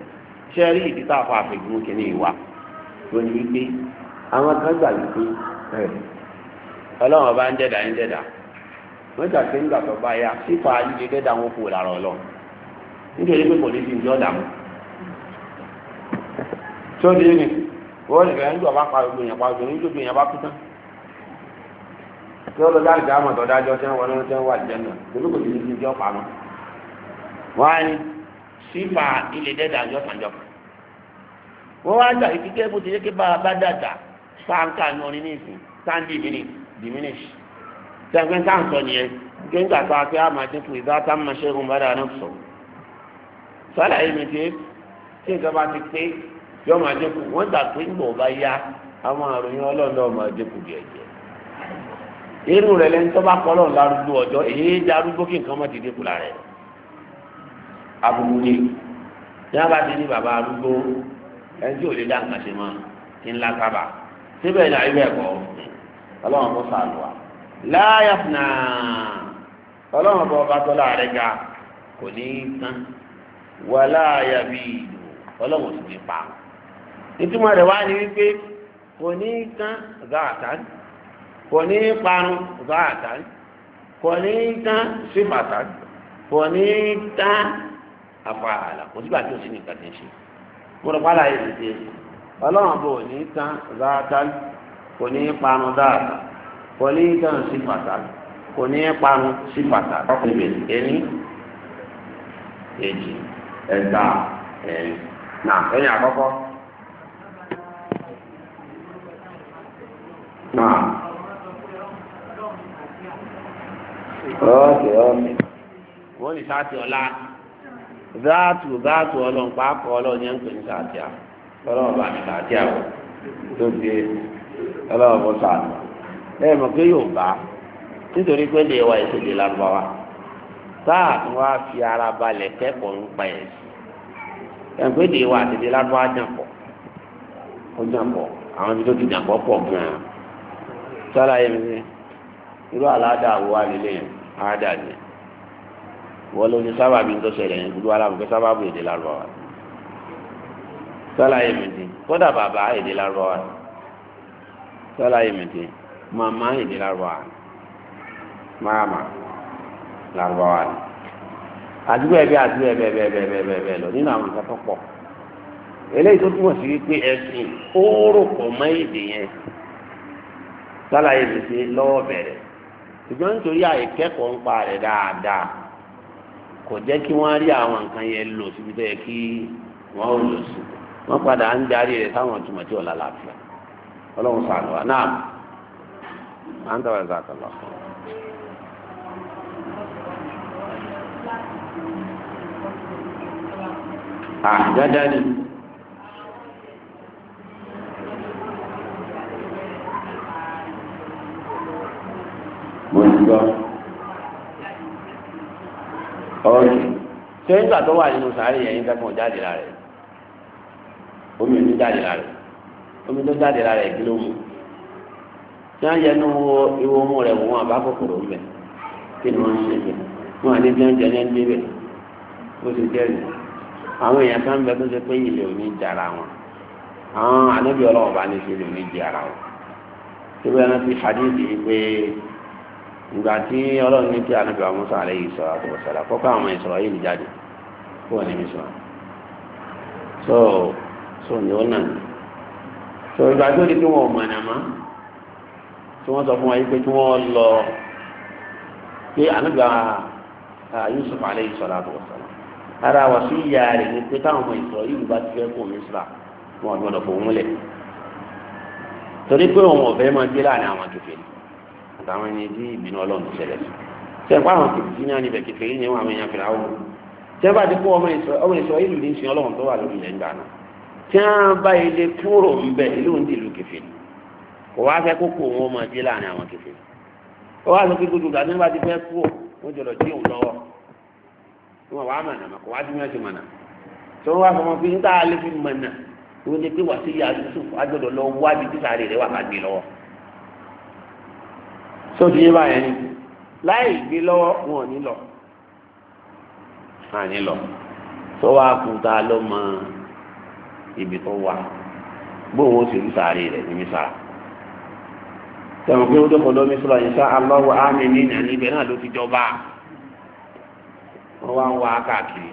ṣẹ́rí ìdí tá a fa àfẹ̀gbọ́n kìíní ìwà tó ní wípé àwọn kan gbà wípé ọlọ́run ọba ń dẹ̀dà ń dẹ̀dà wọ́n jà pé nígbà tó bá yá dẹ́dà wọn kò lára ọlọ́run nítorí pé dàmú. tó ní wọ́n pa gbogbo yẹn pa gbogbo yẹn gbogbo yẹn bá kú tán. tí lọ sífà ilẹ̀ dẹ́dà yọ̀tàjọ̀kà wọ́n wá gbà ìfikẹ́ bó ti yẹ kí bá a bá dàgbà pàǹkà ní orin ní sáńdì mí diminish sẹ́gbẹ́ ń sọ nìyẹn gẹ́gà tá a fẹ́ dínkù ìdá tá a máa ṣe ohun bàdà náà sọ sọ́là yìí mi ti tí nǹkan bá ti pé yọ máa dínkù wọ́n gbà pé ńgbọ̀ bá yá àwọn àròyìn ọlọ́ọ̀dọ́ máa dínkù irú rẹ̀ lẹ́ni tó bá aburú ni ní wọn bá ti ní bàbá arúgbó ẹni tí ò lè dá nǹkan ṣe mọ ti ńlá sábà síbẹ̀ ní àyíbẹ̀ kọ́ ọlọ́run kó sàlù wa láyàfúnà ọlọ́run bọ́ ọba tọ́lá rẹ̀ ga kò ní í tán wà láàyàbí ìlú ọlọ́run sì ní pa ìtumọ̀ rẹ̀ wá ní wípé kò ní í tán zaatan kò ní í parun zaatan kò ní í tán sífàtàn kò ní í tán afáàlà kò sígbà tí o sì ní ìgbà tí ń ṣe mo rò pálá yìí ti ọlọ́run bò ní tán dáadáa kò ní parun dáadáa kò ní tán sí pàtàkì kò ní parun sí pàtàkì. ọkùnrin mi ẹni èjì ẹ̀dá ẹ̀yìn náà ẹ̀yìn àkọ́kọ́. náà ọ̀kẹ́ ọ̀kẹ́ wọ́n ní sáà ti zaatu zaatu ọlọ́run pàápọ̀ ọlọ́run yẹn ń pè ní sàtíà ọlọ́run bá ní o tó di ọlọ́run bó sàánù ẹ mọ̀ pé yóò bá nítorí pé lè wa ètò wa tí á fi ara balẹ̀ kẹ́kọ̀ọ́ ń pa sí lè wa àti ìlera ó àwọn ibi tó ti yẹn wọ́n ló ní sábàbí tó ṣẹlẹ̀ yẹn gbogbo aláwọ̀ pé sábàbí èdè lárúbáwá sálàyé mi ti kódà bàbá èdè lárúbáwá sálàyé mi ti màmá èdè lárúbáwá máàmá lárúbáwá ni àdúgbò ẹbí àdúgbò ẹbẹ ẹbẹ ẹbẹ ẹbẹ ẹbẹ lọ nínú àwọn nǹkan tó pọ̀ eléyìí tó túmọ̀ sí wípé ẹ̀sìn ó rò mọ́ èdè yẹn sálàyé mi lọ́wọ́ bẹ̀rẹ̀ ṣùgbọ́n nítorí àìkẹ́kọ̀ọ́ ń pa rẹ̀ dáadáa. kò jẹ́ kí wọ́n rí àwọn nǹkan yẹn lò síbi tó yẹ kí wọ́n ò lò sí wọ́n padà ń darí rẹ̀ sáwọn ìtumọ̀ tí ọ̀la làáfíà ọlọ́run náà à ń ọ̀rọ̀ ṣé nígbà tó wà nínú sàárè yẹn yín fẹ́kàn jáde lára rẹ̀ omi tó jáde lára rẹ̀ omi tó jáde lára rẹ̀ kí ló mú tí wọ́n yẹnu wo iwo mú rẹ̀ wọ́n àbá kòkòrò ńbẹ kí ni wọ́n ń ṣe bẹ̀ wọ́n àti bí wọ́n jẹ ní ẹni bẹ̀ ó ti jẹ́ rẹ̀ àwọn èèyàn kan bẹ tó ṣe pé ilé òní jara wọn àwọn ànábì bá ní ṣe ilé òní jara wọn ṣé bẹ́ẹ̀ náà ti fàdí ìdí pé ìgbà tí ọlọ́run ní kí ànábì wa Musa alayhi salatu wa salam kọ́kọ́ àwọn ìsọ̀rọ̀ yìí jáde kó ní mi so so ni ó nà ní so ìgbà tó di pé wọn ò mọ̀ àná mọ́ tí wọ́n sọ fún wa yìí pé kí wọ́n lọ pé ànábì wa Yusuf alayhi salatu wa salam ara wà sí ìyá rẹ̀ ni pé táwọn ọmọ ìsọ̀rọ̀ yìí bá ti fẹ́ kó mi wọn ò gbọdọ̀ fòun múlẹ̀ torí pé òun ọ̀fẹ́ máa gbé láàrin àwọn kékeré àtàwọn ẹni bí ìbínú ọlọ́run ṣẹlẹ̀ sí sẹ́pà àwọn kìkìkì náà níbẹ̀ kékeré ni àwọn èèyàn fìlà wọ́n sẹ́pà ti kó ọmọ ìsọ ìlú ní sin ọlọ́run tó wà lórí ilẹ̀ ńgbà náà tí wọ́n bá ilé kúrò ń bẹ̀ ìlú ń dìlú kò wá kókó láàrin àwọn ó wá gbogbo tí kú ó tó di yíba yẹn ni láì gbé lọ́wọ́ wọn ò ní lọ àní lọ tó wàá kú ta ló mọ ibi tó wà gbóhùn ó sì ń sáré rẹ̀ ní mísà tẹ̀wọ̀n pé ó dókòó lómi sọ̀rọ̀ yìí sá aláwọ̀ ámì ní ìnáni ibẹ̀ náà ló ti jọba wọ́n wá ń wá káàkiri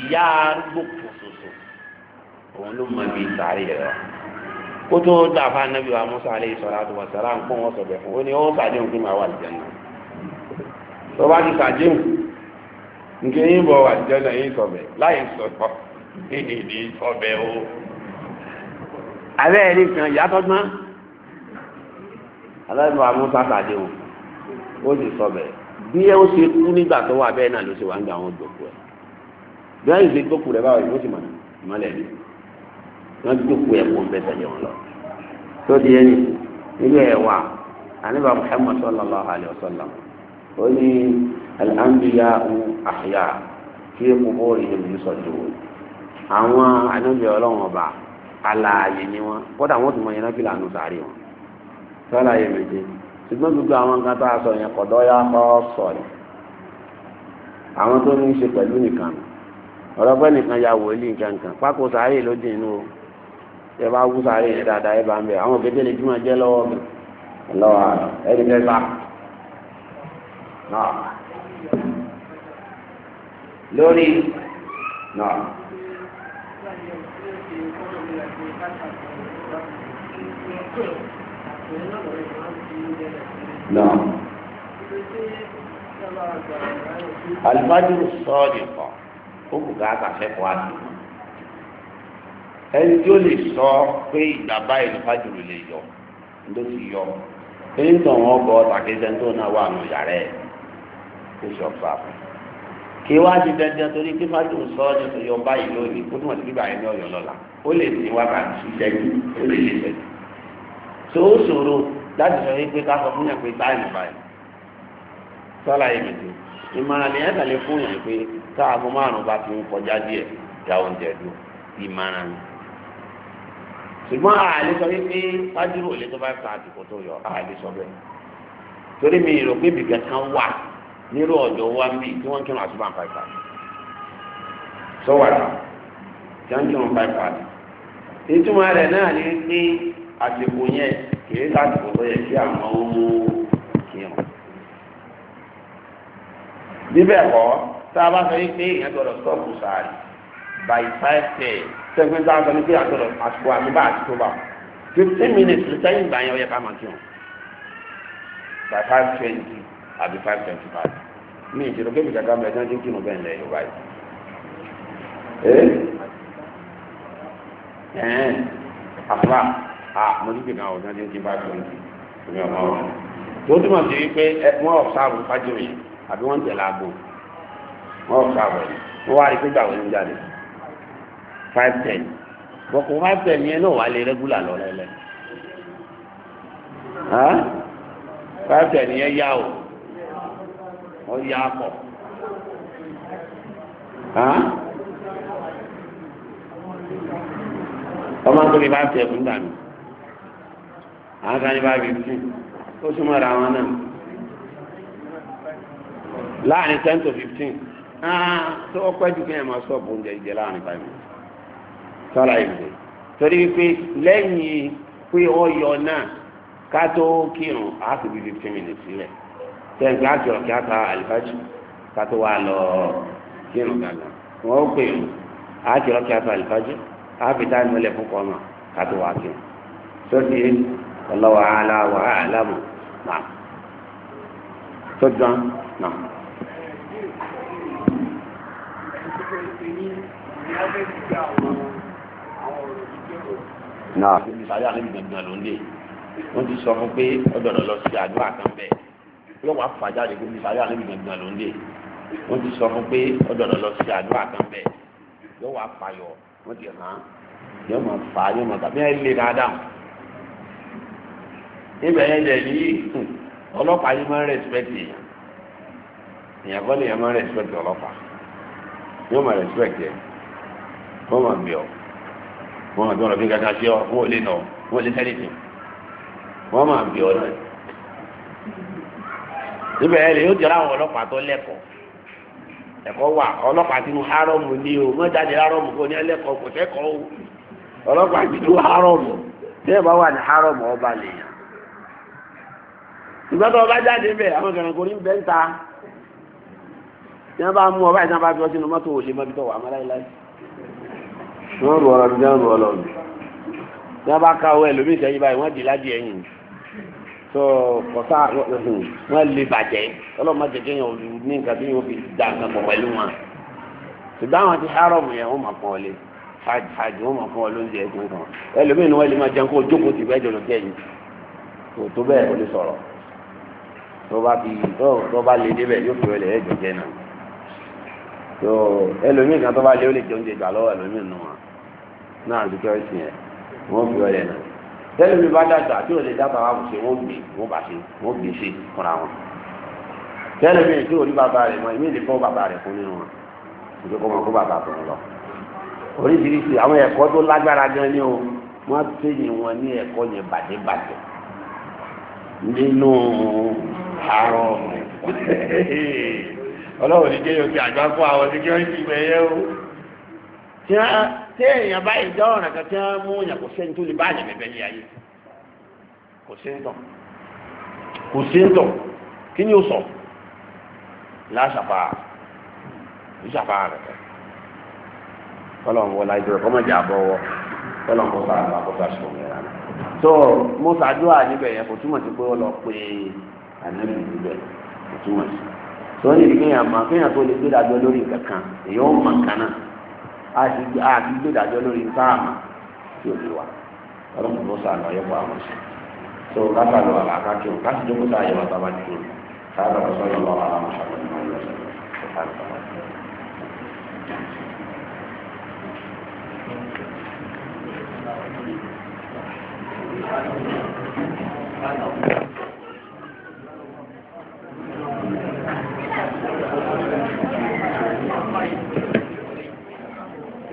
ìyá arúgbó kòsòsò òun ló mọ ibi sáré rẹ̀ wá ó tó gbà fún anabi wa musa aleyhi salatu wa salam kó wọn sọ bẹ fún ó ní ó sàdéhùn kí màá wà àlùjánnà tó bá ti sàdéhùn nké yín bọ̀ wà àlùjánnà yín sọ bẹ láyé sọ̀tọ̀ èdè sọ bẹ o. abẹ́ ẹni kan ìyá tọ́jú mọ́ aláìní wa musa sàdéhùn ó sì sọ bẹ bí ẹ ó ṣe kú nígbà tó wà bẹ́ẹ̀ náà ló ṣe wà ń gbà wọn gbòkú ẹ bí wọ́n yìí ṣe gbòkú rẹ báwọn ìlú sì mọ̀ ìmọ̀lẹ̀ ni wọ́n gbòkú ẹ̀ kó ń bẹ́ẹ̀ tẹ̀lé wọn lọ tó di ẹni nínú ẹ̀wà àníbà Muhammad sallallahu alayhi wa sallam ó ní al-anbiya ahya kí epo bóòlù yẹn mi sọ̀tò àwọn ànábì ọlọ́wọ́n ọba alààyè ni wọn kódà wọn tún mọ yẹn náà fi lànà sàárè wọn sọláyè méje ṣùgbọ́n gbogbo àwọn nǹkan tá a sọ yẹn kọ̀dọ́ yá kọ́ sọ ni àwọn tó ní í ṣe pẹ̀lú nìkan ọ̀rọ̀ nìkan ya wòlíì nǹkan pákó sàárè ló inú o ẹ bá wú sáré yẹn dáadáa ẹ bá ń bẹ àwọn òkété lè túmọ̀ jẹ́ lọ́wọ́ mi lọ́wọ́ ẹni fẹ́ bá lórí náà. نعم الفجر الصادق هو قاعد عشان واحد ẹni tí ó lè sọ pé ìgbà báyìí ló lè yọ ló fi yọ eré tó wọn bọ tàkìtẹ́ tó náà wà nù yàrá ẹ̀ kó sọ fà kí wá ti dandan torí pé fàjùrù sọ ọ́ ní yọ báyìí lónìí kó túmọ̀ sí bíbá yẹn ní lọ́la ó lè ní wákàtí ìṣẹ́jú ó lè lè tó ó ṣòro láti sọ ká sọ fún yàn pé báyìí sọ́la yìí mi ìmọ̀ràn fún yàn pé márùn-ún bá ń kọjá díẹ̀ ìmọ̀ràn ṣùgbọ́n àlè sọ wípé fájúrò òlé tó bá ta àsìkò tó yọ àlè sọ bẹ́ẹ̀ torí mi rò pé ibì kankan wà nírú ọ̀dọ̀ wa ń bì tí wọ́n ń kírun àsùbá ń pàìpà sọ́wọ́dà tí wọ́n ń kírun pàìpà ìtumọ̀ rẹ̀ náà ni pé àsìkò yẹn kìí sàtìkò tó yẹ kí àwọn owó kírun bíbẹ̀ kọ́ tá a bá sọ wípé ìyẹn gbọ́dọ̀ sọ́ọ̀kù sàárì by five ten sẹ́gbẹ́ sáà sọ ní pé àtọ̀rọ̀ àsìkò àmì bá àtìkò bá fifteen minutes sẹ́yìn ìgbà yẹn ó yẹ ká máa kírun by five twenty àbí five twenty five ní ìṣòro kébì kankan bẹ̀rẹ̀ sẹ́yìn tí ń kírun bẹ́ẹ̀ lẹ̀ yorùbá yìí. ẹ̀ẹ́n àfúrà à mo ní kí n àwọn ọ̀sán tí ń kí five twenty omi ọmọ ọ̀rọ̀ tó túmọ̀ sí wípé wọ́n ọ̀sáàbù fájú yìí àbí wọ́n ń tẹ̀lé aago wọ́n ọ̀sáàbù yìí wọ́n wá rí pé gbà wọ́n ń jáde five ten bọ̀kú five ten yẹn náà wà lé rẹ́gúlà lọ lẹ́lẹ́ five ten yẹn yá o ó yá pọ̀ ọmọ akọni five ten fún gbàmí àwọn kan ní bá fifteen ó súnmọ́ ra wọn náà láàrin ten to fifteen tó ọpẹ́ jù kí ẹ máa sọ̀bù oúnjẹ ìjẹ láàrin five minutes sọ́ra ìlú torí wípé lẹ́yìn pé ọyọ náà ká tó kírun á fi bí fifteen minutes sílẹ̀ tẹ̀sán á jọ kí á ta àlìfájì ká tó wá lọ kírun gàgà wọ́n ó pè mí á jọ kí á ta àlìfájì á fi dá ìmọ̀lẹ̀ fún kọ́mà ká tó wá kírun sọ́sì ọlọ́wọ́ aláwọ̀ aláàmù náà tó náà. Thank náà níbi sáré àlẹ́ gbẹ̀ngàn ló ń dé wọ́n ti sọ fún pé ọ̀dọ̀dọ̀ lọ sí àdúrà kan bẹ́ẹ̀ yóò wá fà jáde pé níbi sáré àlẹ́ gbẹ̀ngàn ló ń dé wọ́n ti sọ fún pé ọ̀dọ̀dọ̀ lọ sí àdúrà kan bẹ́ẹ̀ yóò wá fàyọ̀ wọ́n ti hàn án yóò máa fà á yóò máa tàbí ẹ̀ lè dáadáa ibẹ̀ yẹn dẹ̀ ní ọlọ́pàá yìí máa ń rẹ́sipẹ́tì èèyàn èèyàn kọ́ lè yẹn máa ń rẹ́sipẹ́tì ọlọ́pàá yóò máa rẹ́sipẹ́tì ẹ̀ wọ́n máa gbé ọ. wọ́n máa bí ọ̀rọ̀ fi sí wọ́n lè nà wọ́n lè sẹ́lẹ̀ wọ́n máa bí ọ̀rọ̀ ẹ̀ lè yóò jẹ́ àwọn ọlọ́pàá tó lẹ́kọ̀ọ́ ẹ̀kọ́ wà ọlọ́pàá tinú hárọ̀mù ni o mọ́ jáde kò ní ẹlẹ́kọ̀ọ́ kò o ọlọ́pàá tinú tẹ́ bá wà ní ọba ìgbà tó ọba jáde àwọn wọ́n rù ọ̀rọ̀ jẹ́ rù ọ̀lọ́ mi ní wọ́n bá káwọ́ ẹlòmíì sẹ́yìn báyìí wọ́n di lájì ẹ̀yìn tó kọ́sá wọ́n lè bàjẹ́ ọlọ́mọ jẹjẹ yẹn ò ní nǹkan tí yóò fi dá nǹkan pọ̀ pẹ̀lú wọn ṣùgbọ́n àwọn ti hárọ̀mù yẹn wọ́n máa pọ̀ lé hajj hajj wọ́n máa fún ọ lóúnjẹ ẹ̀sìn kan ẹlòmíì ni wọ́n lè máa jẹun kó jókòó tì bẹ́ẹ̀ jọ lọ́jọ́ yìí kò tó bẹ́ẹ̀ kò lè sọ̀rọ̀ tó bá fi tó bá lè débẹ̀ yóò fi ẹlòmíì kan tó bá lé ó lè jẹ gbà lọ́wọ́ ẹlòmíì nù wọn náà àdúgbò ìsìn yẹn wọ́n fi ọ̀rẹ́ náà tẹ́lẹ̀ mi bá dàgbà tí ò lè dábàá wà ṣe wọ́n gbé wọ́n bá ṣe wọ́n gbé ṣe fúnra wọn tẹ́lẹ̀ mi tí ò rí bàbá rẹ̀ mọ́ èmi lè fọ́ bàbá rẹ̀ fún nínú wọn ìjọ kọ́ máa kó bàbá tó ń lọ oríṣiríṣi àwọn ẹ̀kọ́ tó lágbára gan ni o wọ́n tẹ̀yìn wọn ní ẹ̀kọ́ yẹn bàjẹ́bàjẹ́ nínú àárọ̀ ọlọ́run ní kéèyàn ti àgbá fún àwọn ti kí ti bẹ̀yẹ o tí èèyàn bá ìjọ ọ̀ràn kan tí wọ́n mú yàn kò sẹ́ni tó lè bá bẹ̀bẹ̀ ní ayé kò sí ń tọ̀ kò sí ń tọ̀ kí ni ó sọ láṣàfà ìṣàfà rẹ̀ kọ́lọ̀ ń wọ láìpẹ́ kọ́mọ jà bọ́wọ́ kọ́lọ̀ ń kó sára lọ́wọ́ kó sára sọ̀rọ̀ yàrá tó mo ṣàdúrà níbẹ̀ yẹn kò túmọ̀ sí pé ó lọ pé ànábì níbẹ̀ kò túmọ̀ sí tó ní kéèyàn kéèyàn tó lè gbé dàgbẹ́ lórí nǹkan kan èèyàn ó mọ̀ nǹkan náà àti gbèdàjọ́ lórí táàmù tí ò lè wà ọlọ́run ló sàánú ayẹ́kọ̀ọ́ àwọn ṣe tó kápá lọ àlàkà kí o láti jókòó tá àyẹ̀wò àtàbà ti tó káàbà sọ́yọ́ lọ́wọ́ àwọn ṣàkóso náà yọ